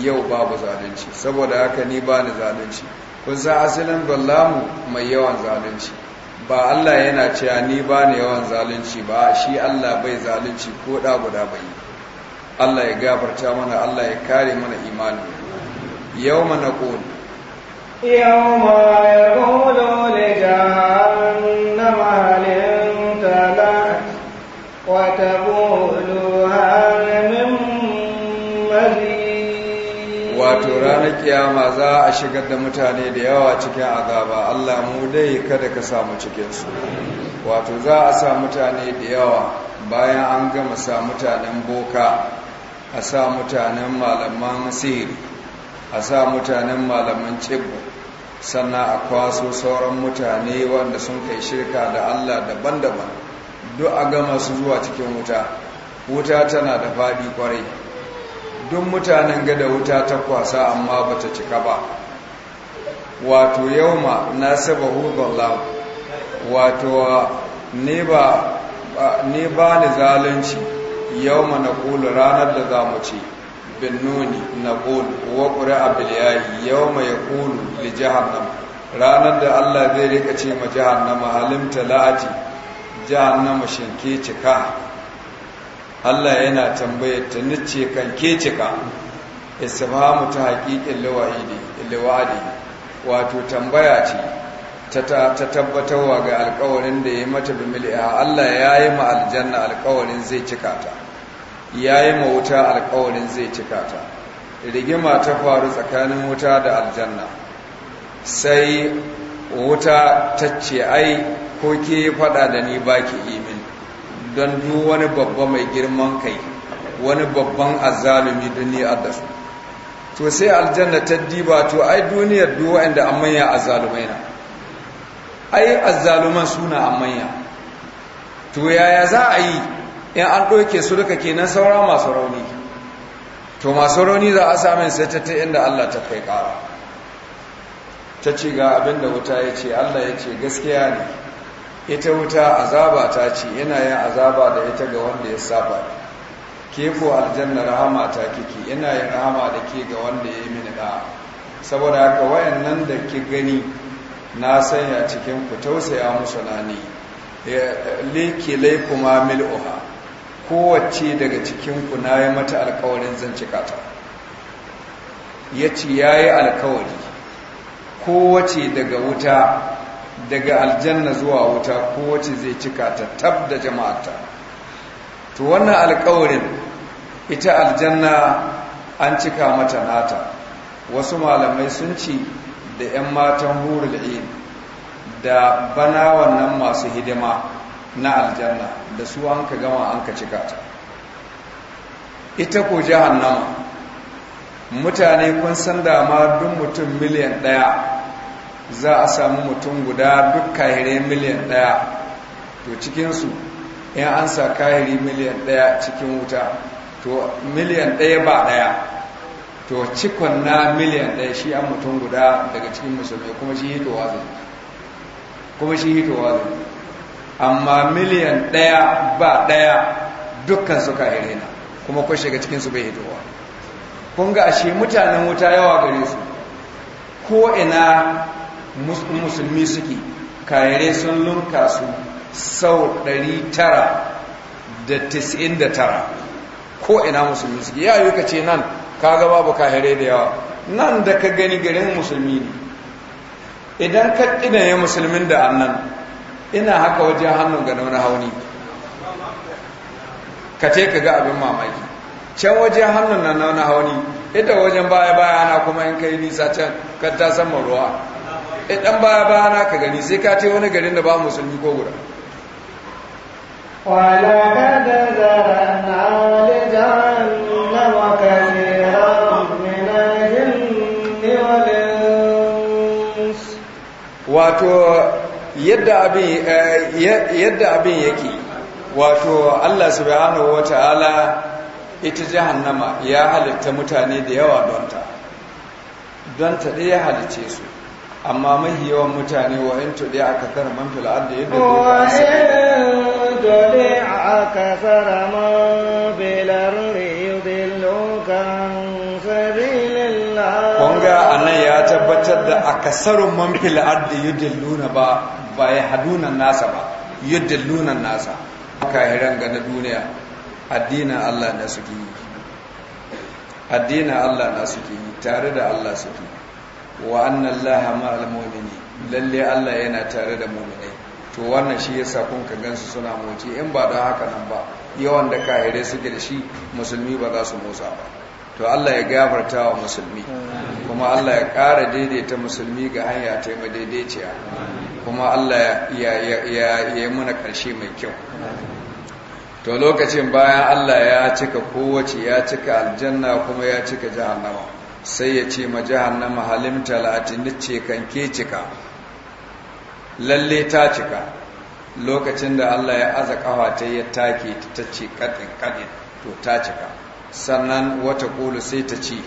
yau babu zalunci saboda haka ni ba ni zalunci kun san asalin zallamu mai yawan zalunci ba Allah yana cewa ni ba ne yawan zalunci ba shi Allah bai zalunci ko da guda bai Allah ya gafarta mana Allah ya kare mana imani yawma naqul yawma yaqulu li jahannam kiyama za a shigar da mutane da yawa cikin azaba Allah mu dai kada ka samu cikinsu wato za a sa mutane da yawa bayan an gama sa mutanen boka a sa mutanen malaman sihiri a sa mutanen malaman cibbo sannan a kwaso sauran mutane wanda sun kai shirka da Allah daban-daban duk a gama su zuwa cikin wuta wuta tana da faɗi kwarai don mutanen gada wuta ta kwasa amma ba ta cika ba wato yau ma na saba hudallah wato ne ba ni zalunci yau ma na kulu ranar da za mu ce bin nuni na kulu wa kuri a biliyayi yau ma ya kulu li jahannama ranar da allah zai rika ce ma jahannama halimta la'ati jahannama shinke cika Allah yana tambayar ta nace kan ke cika istifhamu ta haqiqin lawa'idi wato tambaya ce ta tabbatarwa ga alƙawarin da yayi mata mil'a Allah yayi ma aljanna alƙawarin zai cika ta yayi ma wuta alƙawarin zai cika ta rigima ta faru tsakanin wuta da aljanna sai wuta ta ce ai ko ke faɗa da ni baki yi don duk wani babba mai girman kai wani babban azalumi duniya da su to sai aljanna ta diba to ai duniyar duk wanda an manya azalumai na ai azaluman suna amanya. to yaya za a yi in an ɗauke su duka kenan saura masu rauni to masu rauni za a samun sai ta ta inda Allah ta kai ƙara ta ce ga abinda wuta ya ce Allah ya ce gaskiya ne ita wuta azaba ta ce yana yin azaba da ita ga wanda ya saba ke ku aljanna rahama ta kike yana yin rahama da ke ga wanda ya yi mini da saboda haka nan da ki gani na sanya cikin ku tausaya musu na ne leke lai kuma mil'uha kowace daga cikin ku na yi mata alkawarin zan cika ta ya ce ya yi alkawari kowace daga wuta daga aljanna zuwa wuta kowace zai cika ta tab da jama'ata to wannan alƙawarin ita aljanna an cika mata nata wasu malamai sun ci da 'yan matan huru da da bana wannan masu hidima na aljanna da su an ka gama an ka cika ta ita ko jihar jahannama mutane kun san dama duk mutum miliyan ɗaya za a samu mutum guda duk kahire miliyan ɗaya to cikinsu in an sa kahiri miliyan ɗaya cikin wuta to miliyan ɗaya ba ɗaya to cikon na miliyan ɗaya shi an mutum guda daga cikin musulmi kuma shi hitowa zai kuma shi hitowa zai amma miliyan ɗaya ba ɗaya dukkan su kahire na kuma kun shiga cikinsu bai hitowa kun ga ashe mutanen wuta yawa gare su ko ina musulmi suke kayare sun lunka su sau 999 ko ina musulmi suke ya yi kace nan ka ga babu kahire da yawa nan da ka gani garin musulmi ne idan ka ya musulmin da annan ina haka wajen hannun ga nuna hauni ka ce ka ga abin mamaki can wajen hannun na nuna hauni ita wajen baya baya ana kuma in kai nisa can ka ta san ruwa ɗan eh, ɗan baya baya na ka gani sai ka ce wani garin da ba musulmi ko guda wato eh, yadda abin yake wato Allah subhanahu wata'ala ita jahannama ya halitta mutane da yawa don ta don ta ɗaya halice su amma mahi yawan mutane wa yin tuɗe a kasar man fil ardi yadda wa in tuɗe a kasar man fil ardi yudillukan sabilillah kun ga anan ya tabbatar da a kasar man fil ardi yudilluna ba ba ya hadunan nasa ba yudillunan nasa kahiran ga na duniya addinin Allah na suke yi addinin Allah na suke yi tare da Allah suke yi wa annan laha ma'al mu'mini lalle Allah yana tare da mu'minai to wannan shi yasa kun ka gansu suna moci in ba don haka nan ba yawan da kahire suke da shi musulmi ba za su motsa ba to Allah ya gafarta wa musulmi kuma Allah ya ƙara daidaita musulmi ga hanya ta yi madaidaiciya kuma Allah ya yi muna ƙarshe mai kyau to lokacin bayan Allah ya cika kowace ya cika aljanna kuma ya cika jahannama sai ya ce ma jahannama mahalin talatin ce kan ke cika lalle ta cika lokacin da Allah ya aza kafa ta ta take ta ce kadin kadin to ta cika sannan wata kulu sai ta ce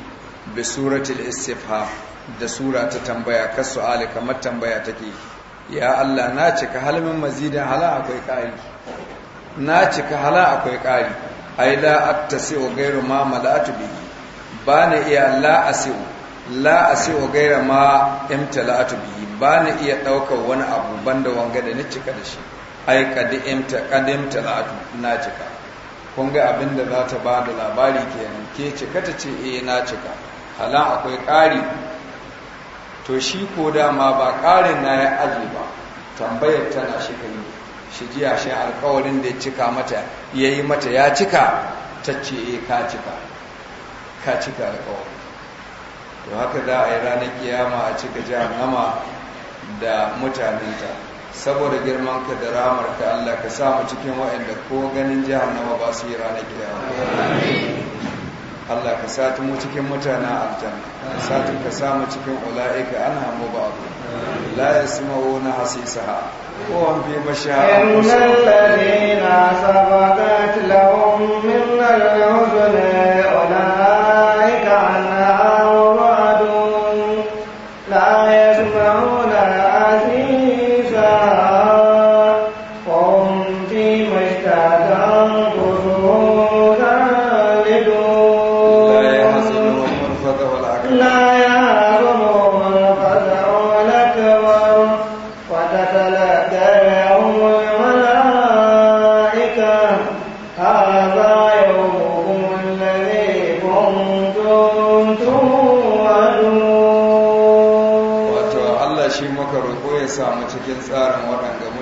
bi suratul istifham da sura ta tambaya ka su'ali kamar tambaya take ya Allah na cika halmin mazidin hala akwai ƙari na cika hala akwai ƙari ai attasi wa ghairu ma mala'atu bihi ba na iya la'asiu la'asiu gaira ma imtala'atu bihi ba na iya ɗaukar wani abu banda wanga da ni cika da shi ai kad imtala'atu na cika kun ga abin da za ta ba da labari kenan ke cika ta ce eh na cika hala akwai ƙari to shi ko dama ba ƙarin na ya aji ba tambayar tana shi kai shi jiya shi alƙawarin da ya cika mata ya yi mata ya cika ta ce eh ka cika ka cika alkawari to haka za a yi ranar kiyama a cika jahannama da mutane ta saboda girman ka da ramar ka Allah ka sa mu cikin waɗanda ko ganin jahannama ba su yi ranar kiyama Allah ka sati mu cikin mutanen aljanna sati ka samu cikin ula'ika an hamu ba abu la yasma'u na hasisaha a kusa. bi basha'a innal ladina sabaqat lahum min al-husna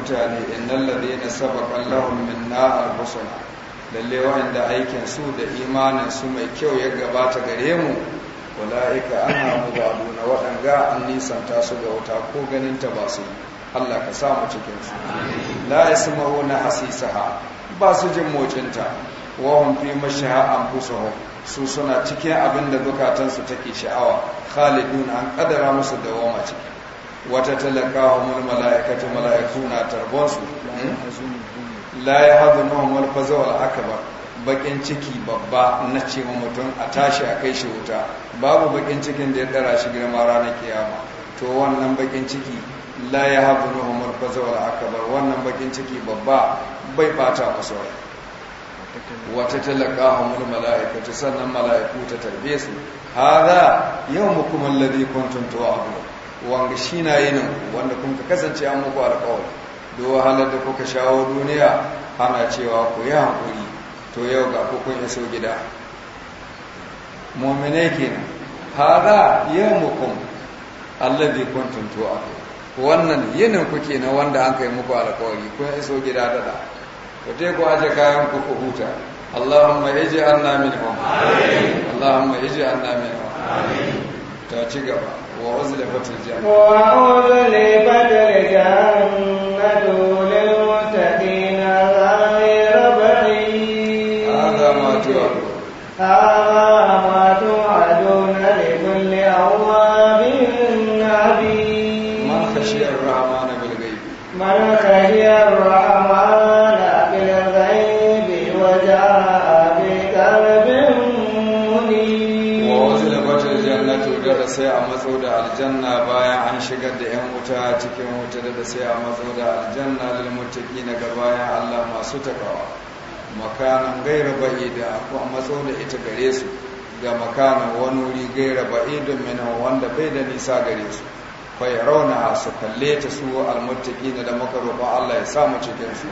mutane innal ladina sabaqa lahum minna al-husna lalle wanda aikin su da imanin su mai kyau ya gabata gare mu walaika anha mubaduna waɗanga an nisanta su ga wuta ko ganin ta ba su Allah ka sa mu cikin su la yasma'una hasisaha ba su jin mocinta wa hum fi mashaha anfusuhum su suna cikin abin da zukatansu take sha'awa khalidun an kadara musu dawama ciki wata talakawa mun mala'ikatu mala'iku na tarbonsu la ya hadu mahimmal fazawar akaba bakin ciki babba na ce mutum a tashi a kai shi wuta babu bakin cikin da ya dara shi girma ranar kiyama to wannan bakin ciki la ya hadu mahimmal fazawar akaba wannan bakin ciki babba bai bata masu rai wata talakawa mun mala'ikatu sannan mala'iku ta tarbe su hada yau mukumin ladikon tuntuwa abu wanga shi na yi nan wanda kuma ka kasance an muku alkawari do wahalar da kuka shawo duniya ana cewa ku yi hankuri to yau ga ku kun iso gida mu'minai kenan hada kun tuntu a tu'adun wannan yinin ku na wanda an kai muku alkawari kun iso gida da ku te ku aje kayan ku ku huta Allahumma ij'alna minhum amin Allahumma ij'alna minhum amin ta ci gaba وأزلفت الجنة وأزلفت الجنة للمتقين غير بعيد هذا ما توعدون هذا ما توعدون لكل أواب aljanna bayan an shigar da 'yan wuta cikin wuta da sai a matso da aljanna mutaki na bayan Allah masu takawa makanan gaira da ko a matso da ita gare su ga makanan wani wuri gaira ba'idun minan wanda bai da nisa gare su bai rauna su kalle ta su almutaki na da muka Allah ya sa cikin su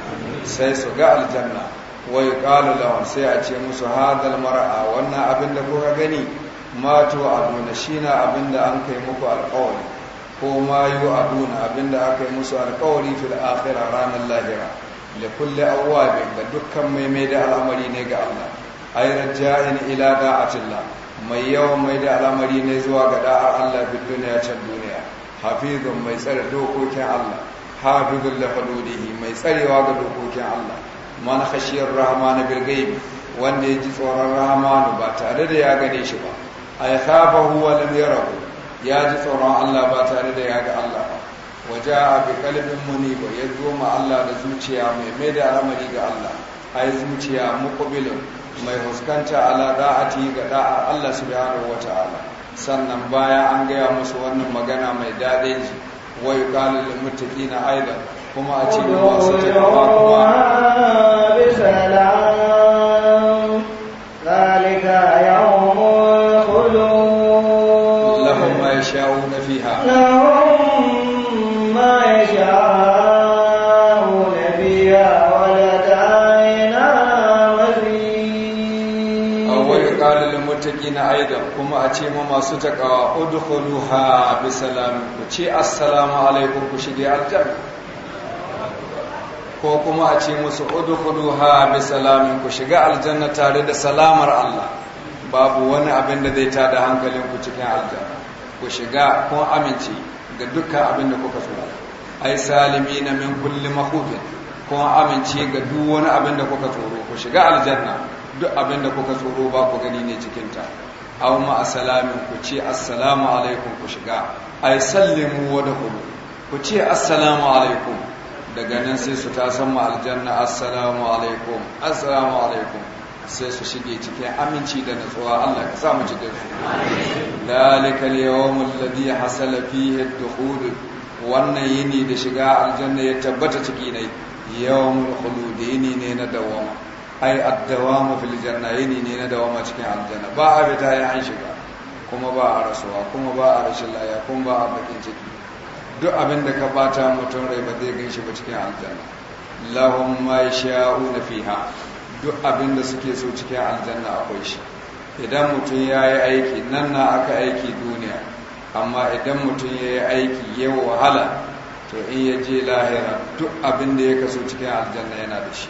sai su ga aljanna wai qalu lahum sai a ce musu hadal mar'a wannan abin da kuka gani mato aduna shi na da an kai muku alkawari ko mayu aduna abinda aka yi musu alkawari fil akhira ranar lahira da kulle awwabin ga dukkan mai da al'amari ne ga Allah ay raja'in ila da'atillah mai yawan mai da al'amari ne zuwa ga da'ar Allah fi duniya can duniya hafizun mai tsare dokokin Allah hafizun lafadudihi mai tsarewa ga dokokin Allah man khashiyar na bil ghaib wanda ya ji tsoron rahmanu ba tare da ya gane shi ba ay khafahu wa lam yarahu ya ji tsoron Allah ba tare da ya ga Allah ba waje a bi kalbin ba ya zo Allah da zuciya mai mai da ramari ga Allah ai zuciya muqbilun mai huskanta ala da'ati ga da'a Allah subhanahu ta'ala sannan baya an gaya musu wannan magana mai dadin ji wa yuqalu lil muttaqina aidan kuma a cikin masu takawa kuma muttaqina aida kuma a ce ma masu takawa ha bi salam ku ce assalamu alaikum ku shige aljanna ko kuma a ce musu ha bi salam ku shiga aljanna tare da salamar Allah babu wani abin da zai tada hankalin ku cikin aljanna ku shiga ko amince ga dukkan abin da kuka tsora ai salimina min kulli mahudin ko amince ga duk wani abin da kuka tsoro ku shiga aljanna duk abin da kuka tsoro ba ku gani ne cikinta aw ma ku ce assalamu alaikum ku shiga yi sallimu wa dakhulu ku ce assalamu alaikum daga nan sai su ta san ma'aljanna assalamu alaikum assalamu alaikum sai su shige cikin aminci da natsuwa Allah ka sa mu cikin su dalika al-yawmul ladhi hasala fihi ad-dukhul wannan yini da shiga aljanna ya tabbata ciki ne yawmul da yini ne na dawama ai addawamu fil yini ne na dawama cikin aljanna ba a fita ya an shiga kuma ba a rasuwa kuma ba a rashin laya kuma ba a bakin ciki duk abin da ka bata mutum rai ba zai gan shi ba cikin aljanna lahum ma na fiha duk abin da suke so cikin aljanna akwai shi idan mutum ya yi aiki nan na aka aiki duniya amma idan mutum ya yi aiki ya wahala to in ya je lahira duk abin da ya kaso cikin aljanna yana da shi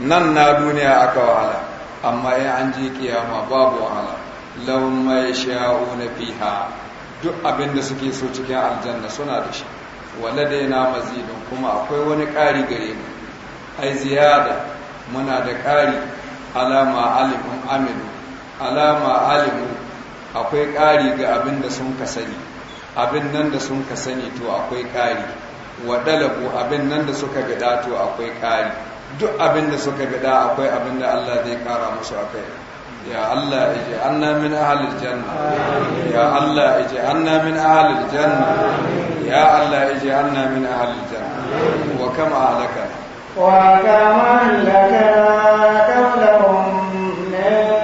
nan na duniya aka wahala amma ya an ji kiyama babu wahala laun mai sha'o na fiha duk abin da suke so cikin aljanna suna da shi walade na mazidin kuma akwai wani ƙari gare mu ai ziyada muna da ƙari alama alimun aminu alama alimu akwai ƙari ga abin da sun ka sani abin nan da sun ka sani to akwai ƙari wa dalabu abin nan da suka gada to akwai ƙari duk abin da suka bida akwai abin da Allah zai kara musu akai ya Allah ije anna min ahlil janna ya Allah ije anna min ahlil janna ya Allah ije anna min ahlil janna wa kama alaka wa kama alaka qawlahum min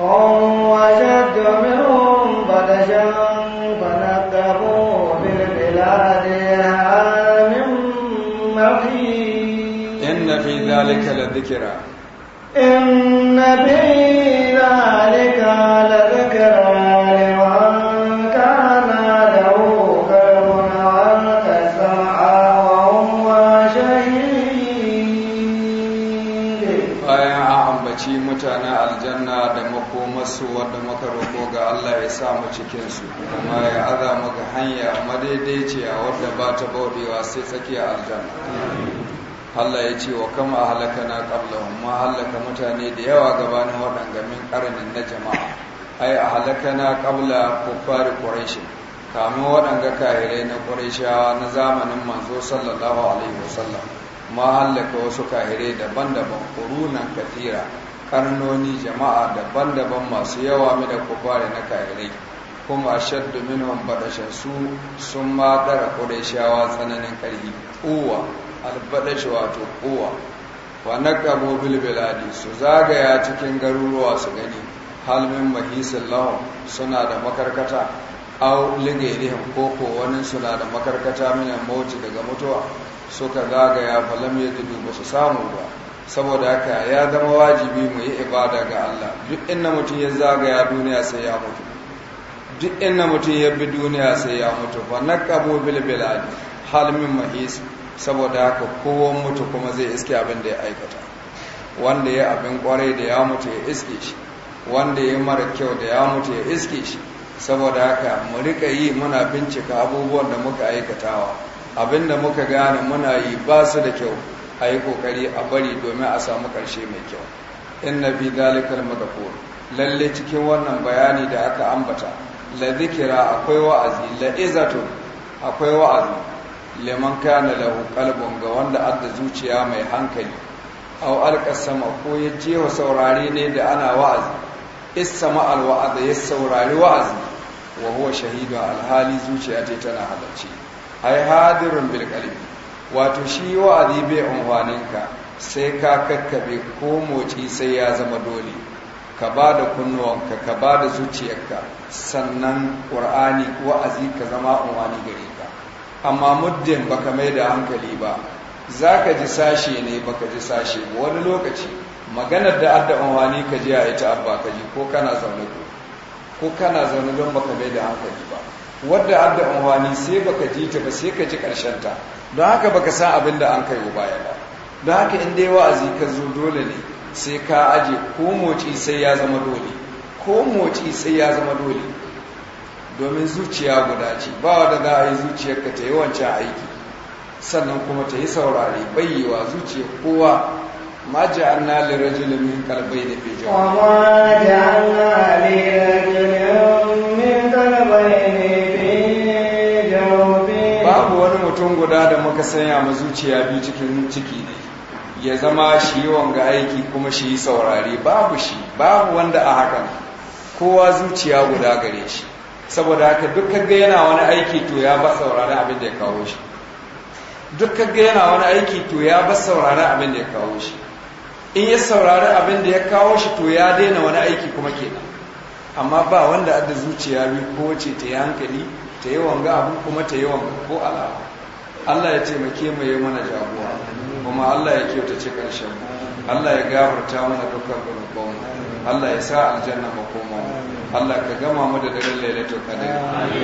Oh zalika la dhikra inna bi zalika la an ambaci mutanen aljanna da makomarsu wadda muka roƙo ga Allah ya sa mu cikinsu kuma ya aza ga hanya madaidaiciya wadda ba ta bauɗewa sai tsakiyar aljanna Allah ya ce wa kama na ƙabla ma halaka mutane da yawa gabanin waɗanga min na jama'a ai a na ƙabla ko fari ƙwarashi kamin waɗanga kahirai na quraishawa na zamanin manzo sallallahu alaihi wasallam ma halaka wasu kahirai daban-daban qurunan kathira karnoni jama'a daban-daban masu yawa mai da kufari na kahirai kuma ashaddu minhum badashan su sun ma dara tsananin ƙarfi kowa albadashi wato kowa wa naqabu biladi su zagaya cikin garuruwa su gani halmin mahisin lahum suna da makarkata au ligairihim ko ko wani suna da makarkata min mauti daga mutuwa suka zagaya falam dubu ba su samu ba saboda haka ya zama wajibi mu yi ibada ga Allah duk inda mutum ya zagaya duniya sai ya mutu duk inda mutum ya bi duniya sai ya mutu fa naqabu bil biladi halmin mahisin saboda haka kowon mutu kuma zai iske abin da ya aikata wanda ya abin kwarai da ya mutu ya iske shi wanda ya mara kyau da ya mutu ya iske shi saboda haka mu rika yi muna bincika abubuwan da muka aikatawa abin da muka gane muna yi ba su da kyau a yi kokari a bari domin a samu karshe mai kyau in na fi dalikar magafor lalle cikin wannan bayani da aka ambata la zikira akwai wa'azi la izatun akwai wa'azi liman kana lahu qalbun ga wanda adda zuciya mai hankali aw alqa sama ko ya je wa saurare ne da ana wa'azi is al wa'azi ya saurari wa'azi wa huwa shahidu al zuciya ta tana halarci ai hadirun bil qalbi wato shi wa'azi bai ka sai ka kakkabe ko moci sai ya zama dole ka ba da kunnuwanka ka ba da zuciyarka sannan ƙur'ani wa'azi ka zama unwani gare amma muddin baka mai da hankali ba za ka ji sashe ne baka ji sashe ba wani lokaci maganar da adda wani ka ji a ita abba ka ji ko kana zaune ko kana zaune don baka mai da hankali ba wadda adda wani sai baka ji ta ba sai ka ji karshen ta don haka baka san abin da an kai baya ba don haka in dai wa'azi ka zo dole ne sai ka aje ko motsi sai ya zama sai ya zama dole domin zuciya guda ce ba wadda za a yi zuciyarka ta yi wancan aiki sannan kuma ta yi saurari bayyewa zuciya kowa ma ji an na min qalbayn kalbai da fi babu wani mutum guda da muka sanya ma zuciya biyu cikin ciki ne ya zama shi wanga aiki kuma shi yi saurari babu shi babu wanda a hakan kowa zuciya guda gare shi saboda haka dukkan ga yana wani aiki to ya ba saurari abin da ya kawo shi Dukkan ga yana wani aiki to ya ba saurari abin da ya kawo shi in ya saurari abin da ya kawo shi to ya daina wani aiki kuma kenan amma ba wanda adda zuciya bi ko wace ta yi hankali ta yi wanga abu kuma ta yi wanga ko alama. Allah ya taimake mu yi mana jagora kuma Allah ya kyautace karshen mu Allah ya gafarta mana dukkan gurbin Allah ya sa aljanna makoma Allah ka gama mu da daren lailatul qadr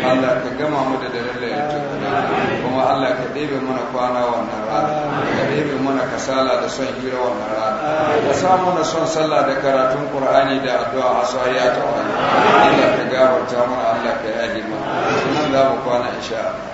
Allah ka gama mu da daren lailatul qadr kuma Allah ka dibe mana kwana wannan rana ka dibe mana kasala da son hira wannan rana ka sa mana son sallah da karatun Qur'ani da addu'a a sahiya ta Allah ka gafarta mana Allah ka yi mana sunan za mu kwana insha Allah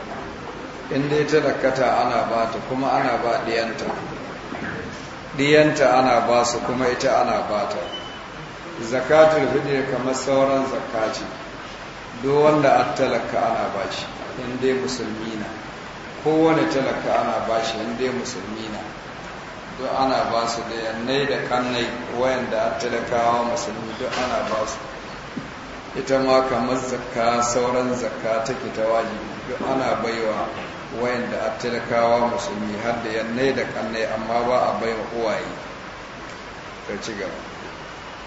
in dai talakata ana ba ta kuma ana ba ɗiyanta ɗiyanta ana ba su kuma ita ana ba ta zakatul fitr kamar sauran zakaci duk wanda a talaka ana ba shi in dai musulmi na kowane talaka ana ba shi in dai musulmi na duk ana ba su da yannai da kannai wayanda a talakawa musulmi duk ana ba su ita ma kamar zakka sauran zakka take ta wajibi duk ana baiwa wayanda a talakawa musulmi har da yannai da kannai amma ba a bai wa uwaye ka ci gaba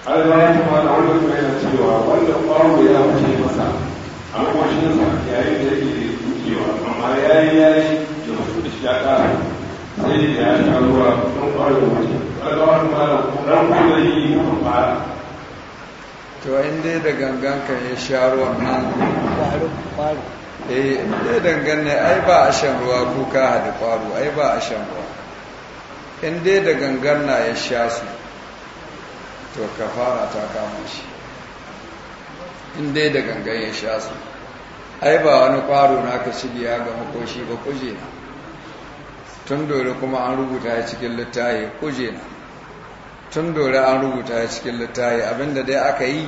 albayan kuma da wani kuma yana cewa wanda kwaro ya wuce masa kuma a kwashinsa yayin da yake dukewa amma ya yi da wasu da shi ya ƙara sai da ya sha ruwa don kwaro wuce wani kuma da kuɗan kuma yi kuma fara to inda da gangan kan ya sha ruwan nan kwaro kwaro eh dai dangane ai ba a shan ruwa ko ka haɗi ƙwaro ai ba a shan ruwa in dai da ganganna ya sha su to ka fara ta kama shi in dai da gangan ya sha su ai ba wani ƙwaro na ka biya ga makoshi ba kuje na tun dore kuma an rubuta ya cikin littaye kuje na tun dore an rubuta ya cikin littaye abinda dai aka yi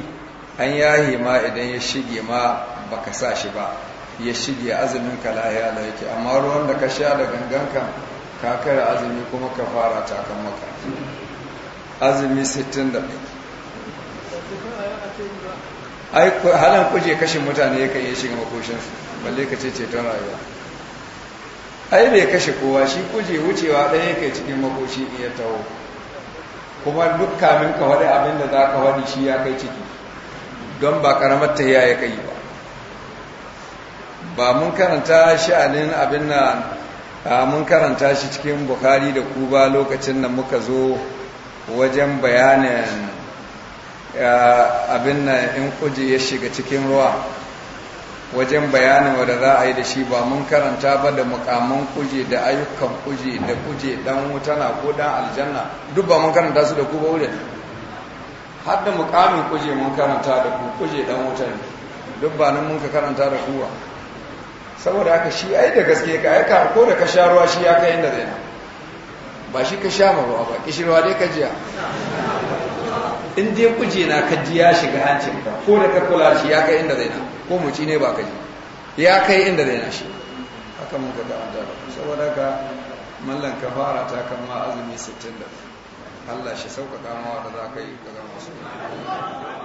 an yahe ma idan ya shige ma baka sa shi ba ya shige azumin ka lahiya da yake amma ruwan da ka sha da ganganka ka kare azumi kuma ka fara takan maka azumi 61 ai halan kuje kashin mutane yake ya shiga makoshinsu balle ka ce ceton rayuwa ai bai kashe kowa shi kuje wucewa ɗan yake cikin makoshi in ya taho kuma duk kamin ka wani abin da za ka waɗi shi ya kai ciki don ba ƙaramar ta ya kai ba ba mun karanta shi a nin abin na mun karanta shi cikin bukhari da kuba lokacin da muka zo wajen bayanin abin na in kuje ya shiga cikin ruwa wajen bayanin wadda za a yi da shi ba mun karanta ba da mukamman kuje da ayyukan kuje da kuje dan na ko dan aljanna duk ba mun karanta su da ku ba wurin har da mukamin kuje mun karanta da ku kuje dan wutan duk ba nan mun ka karanta da ku ba saboda haka shi ai da gaske ka ai ka ko da ka sha ruwa shi ya kai inda zai na ba shi ka sha ruwa ba kishirwa dai ka jiya in dai kuje na ka ji ya shiga hancin ka ko da ka kula shi ya kai inda zai na ko mu ci ne ba ka ji ya kai inda zai na shi haka mun ga da an saboda haka mallan ka fara ta kama azumi 60 Allah shi sauƙaƙa mawa da za ka yi ka zama su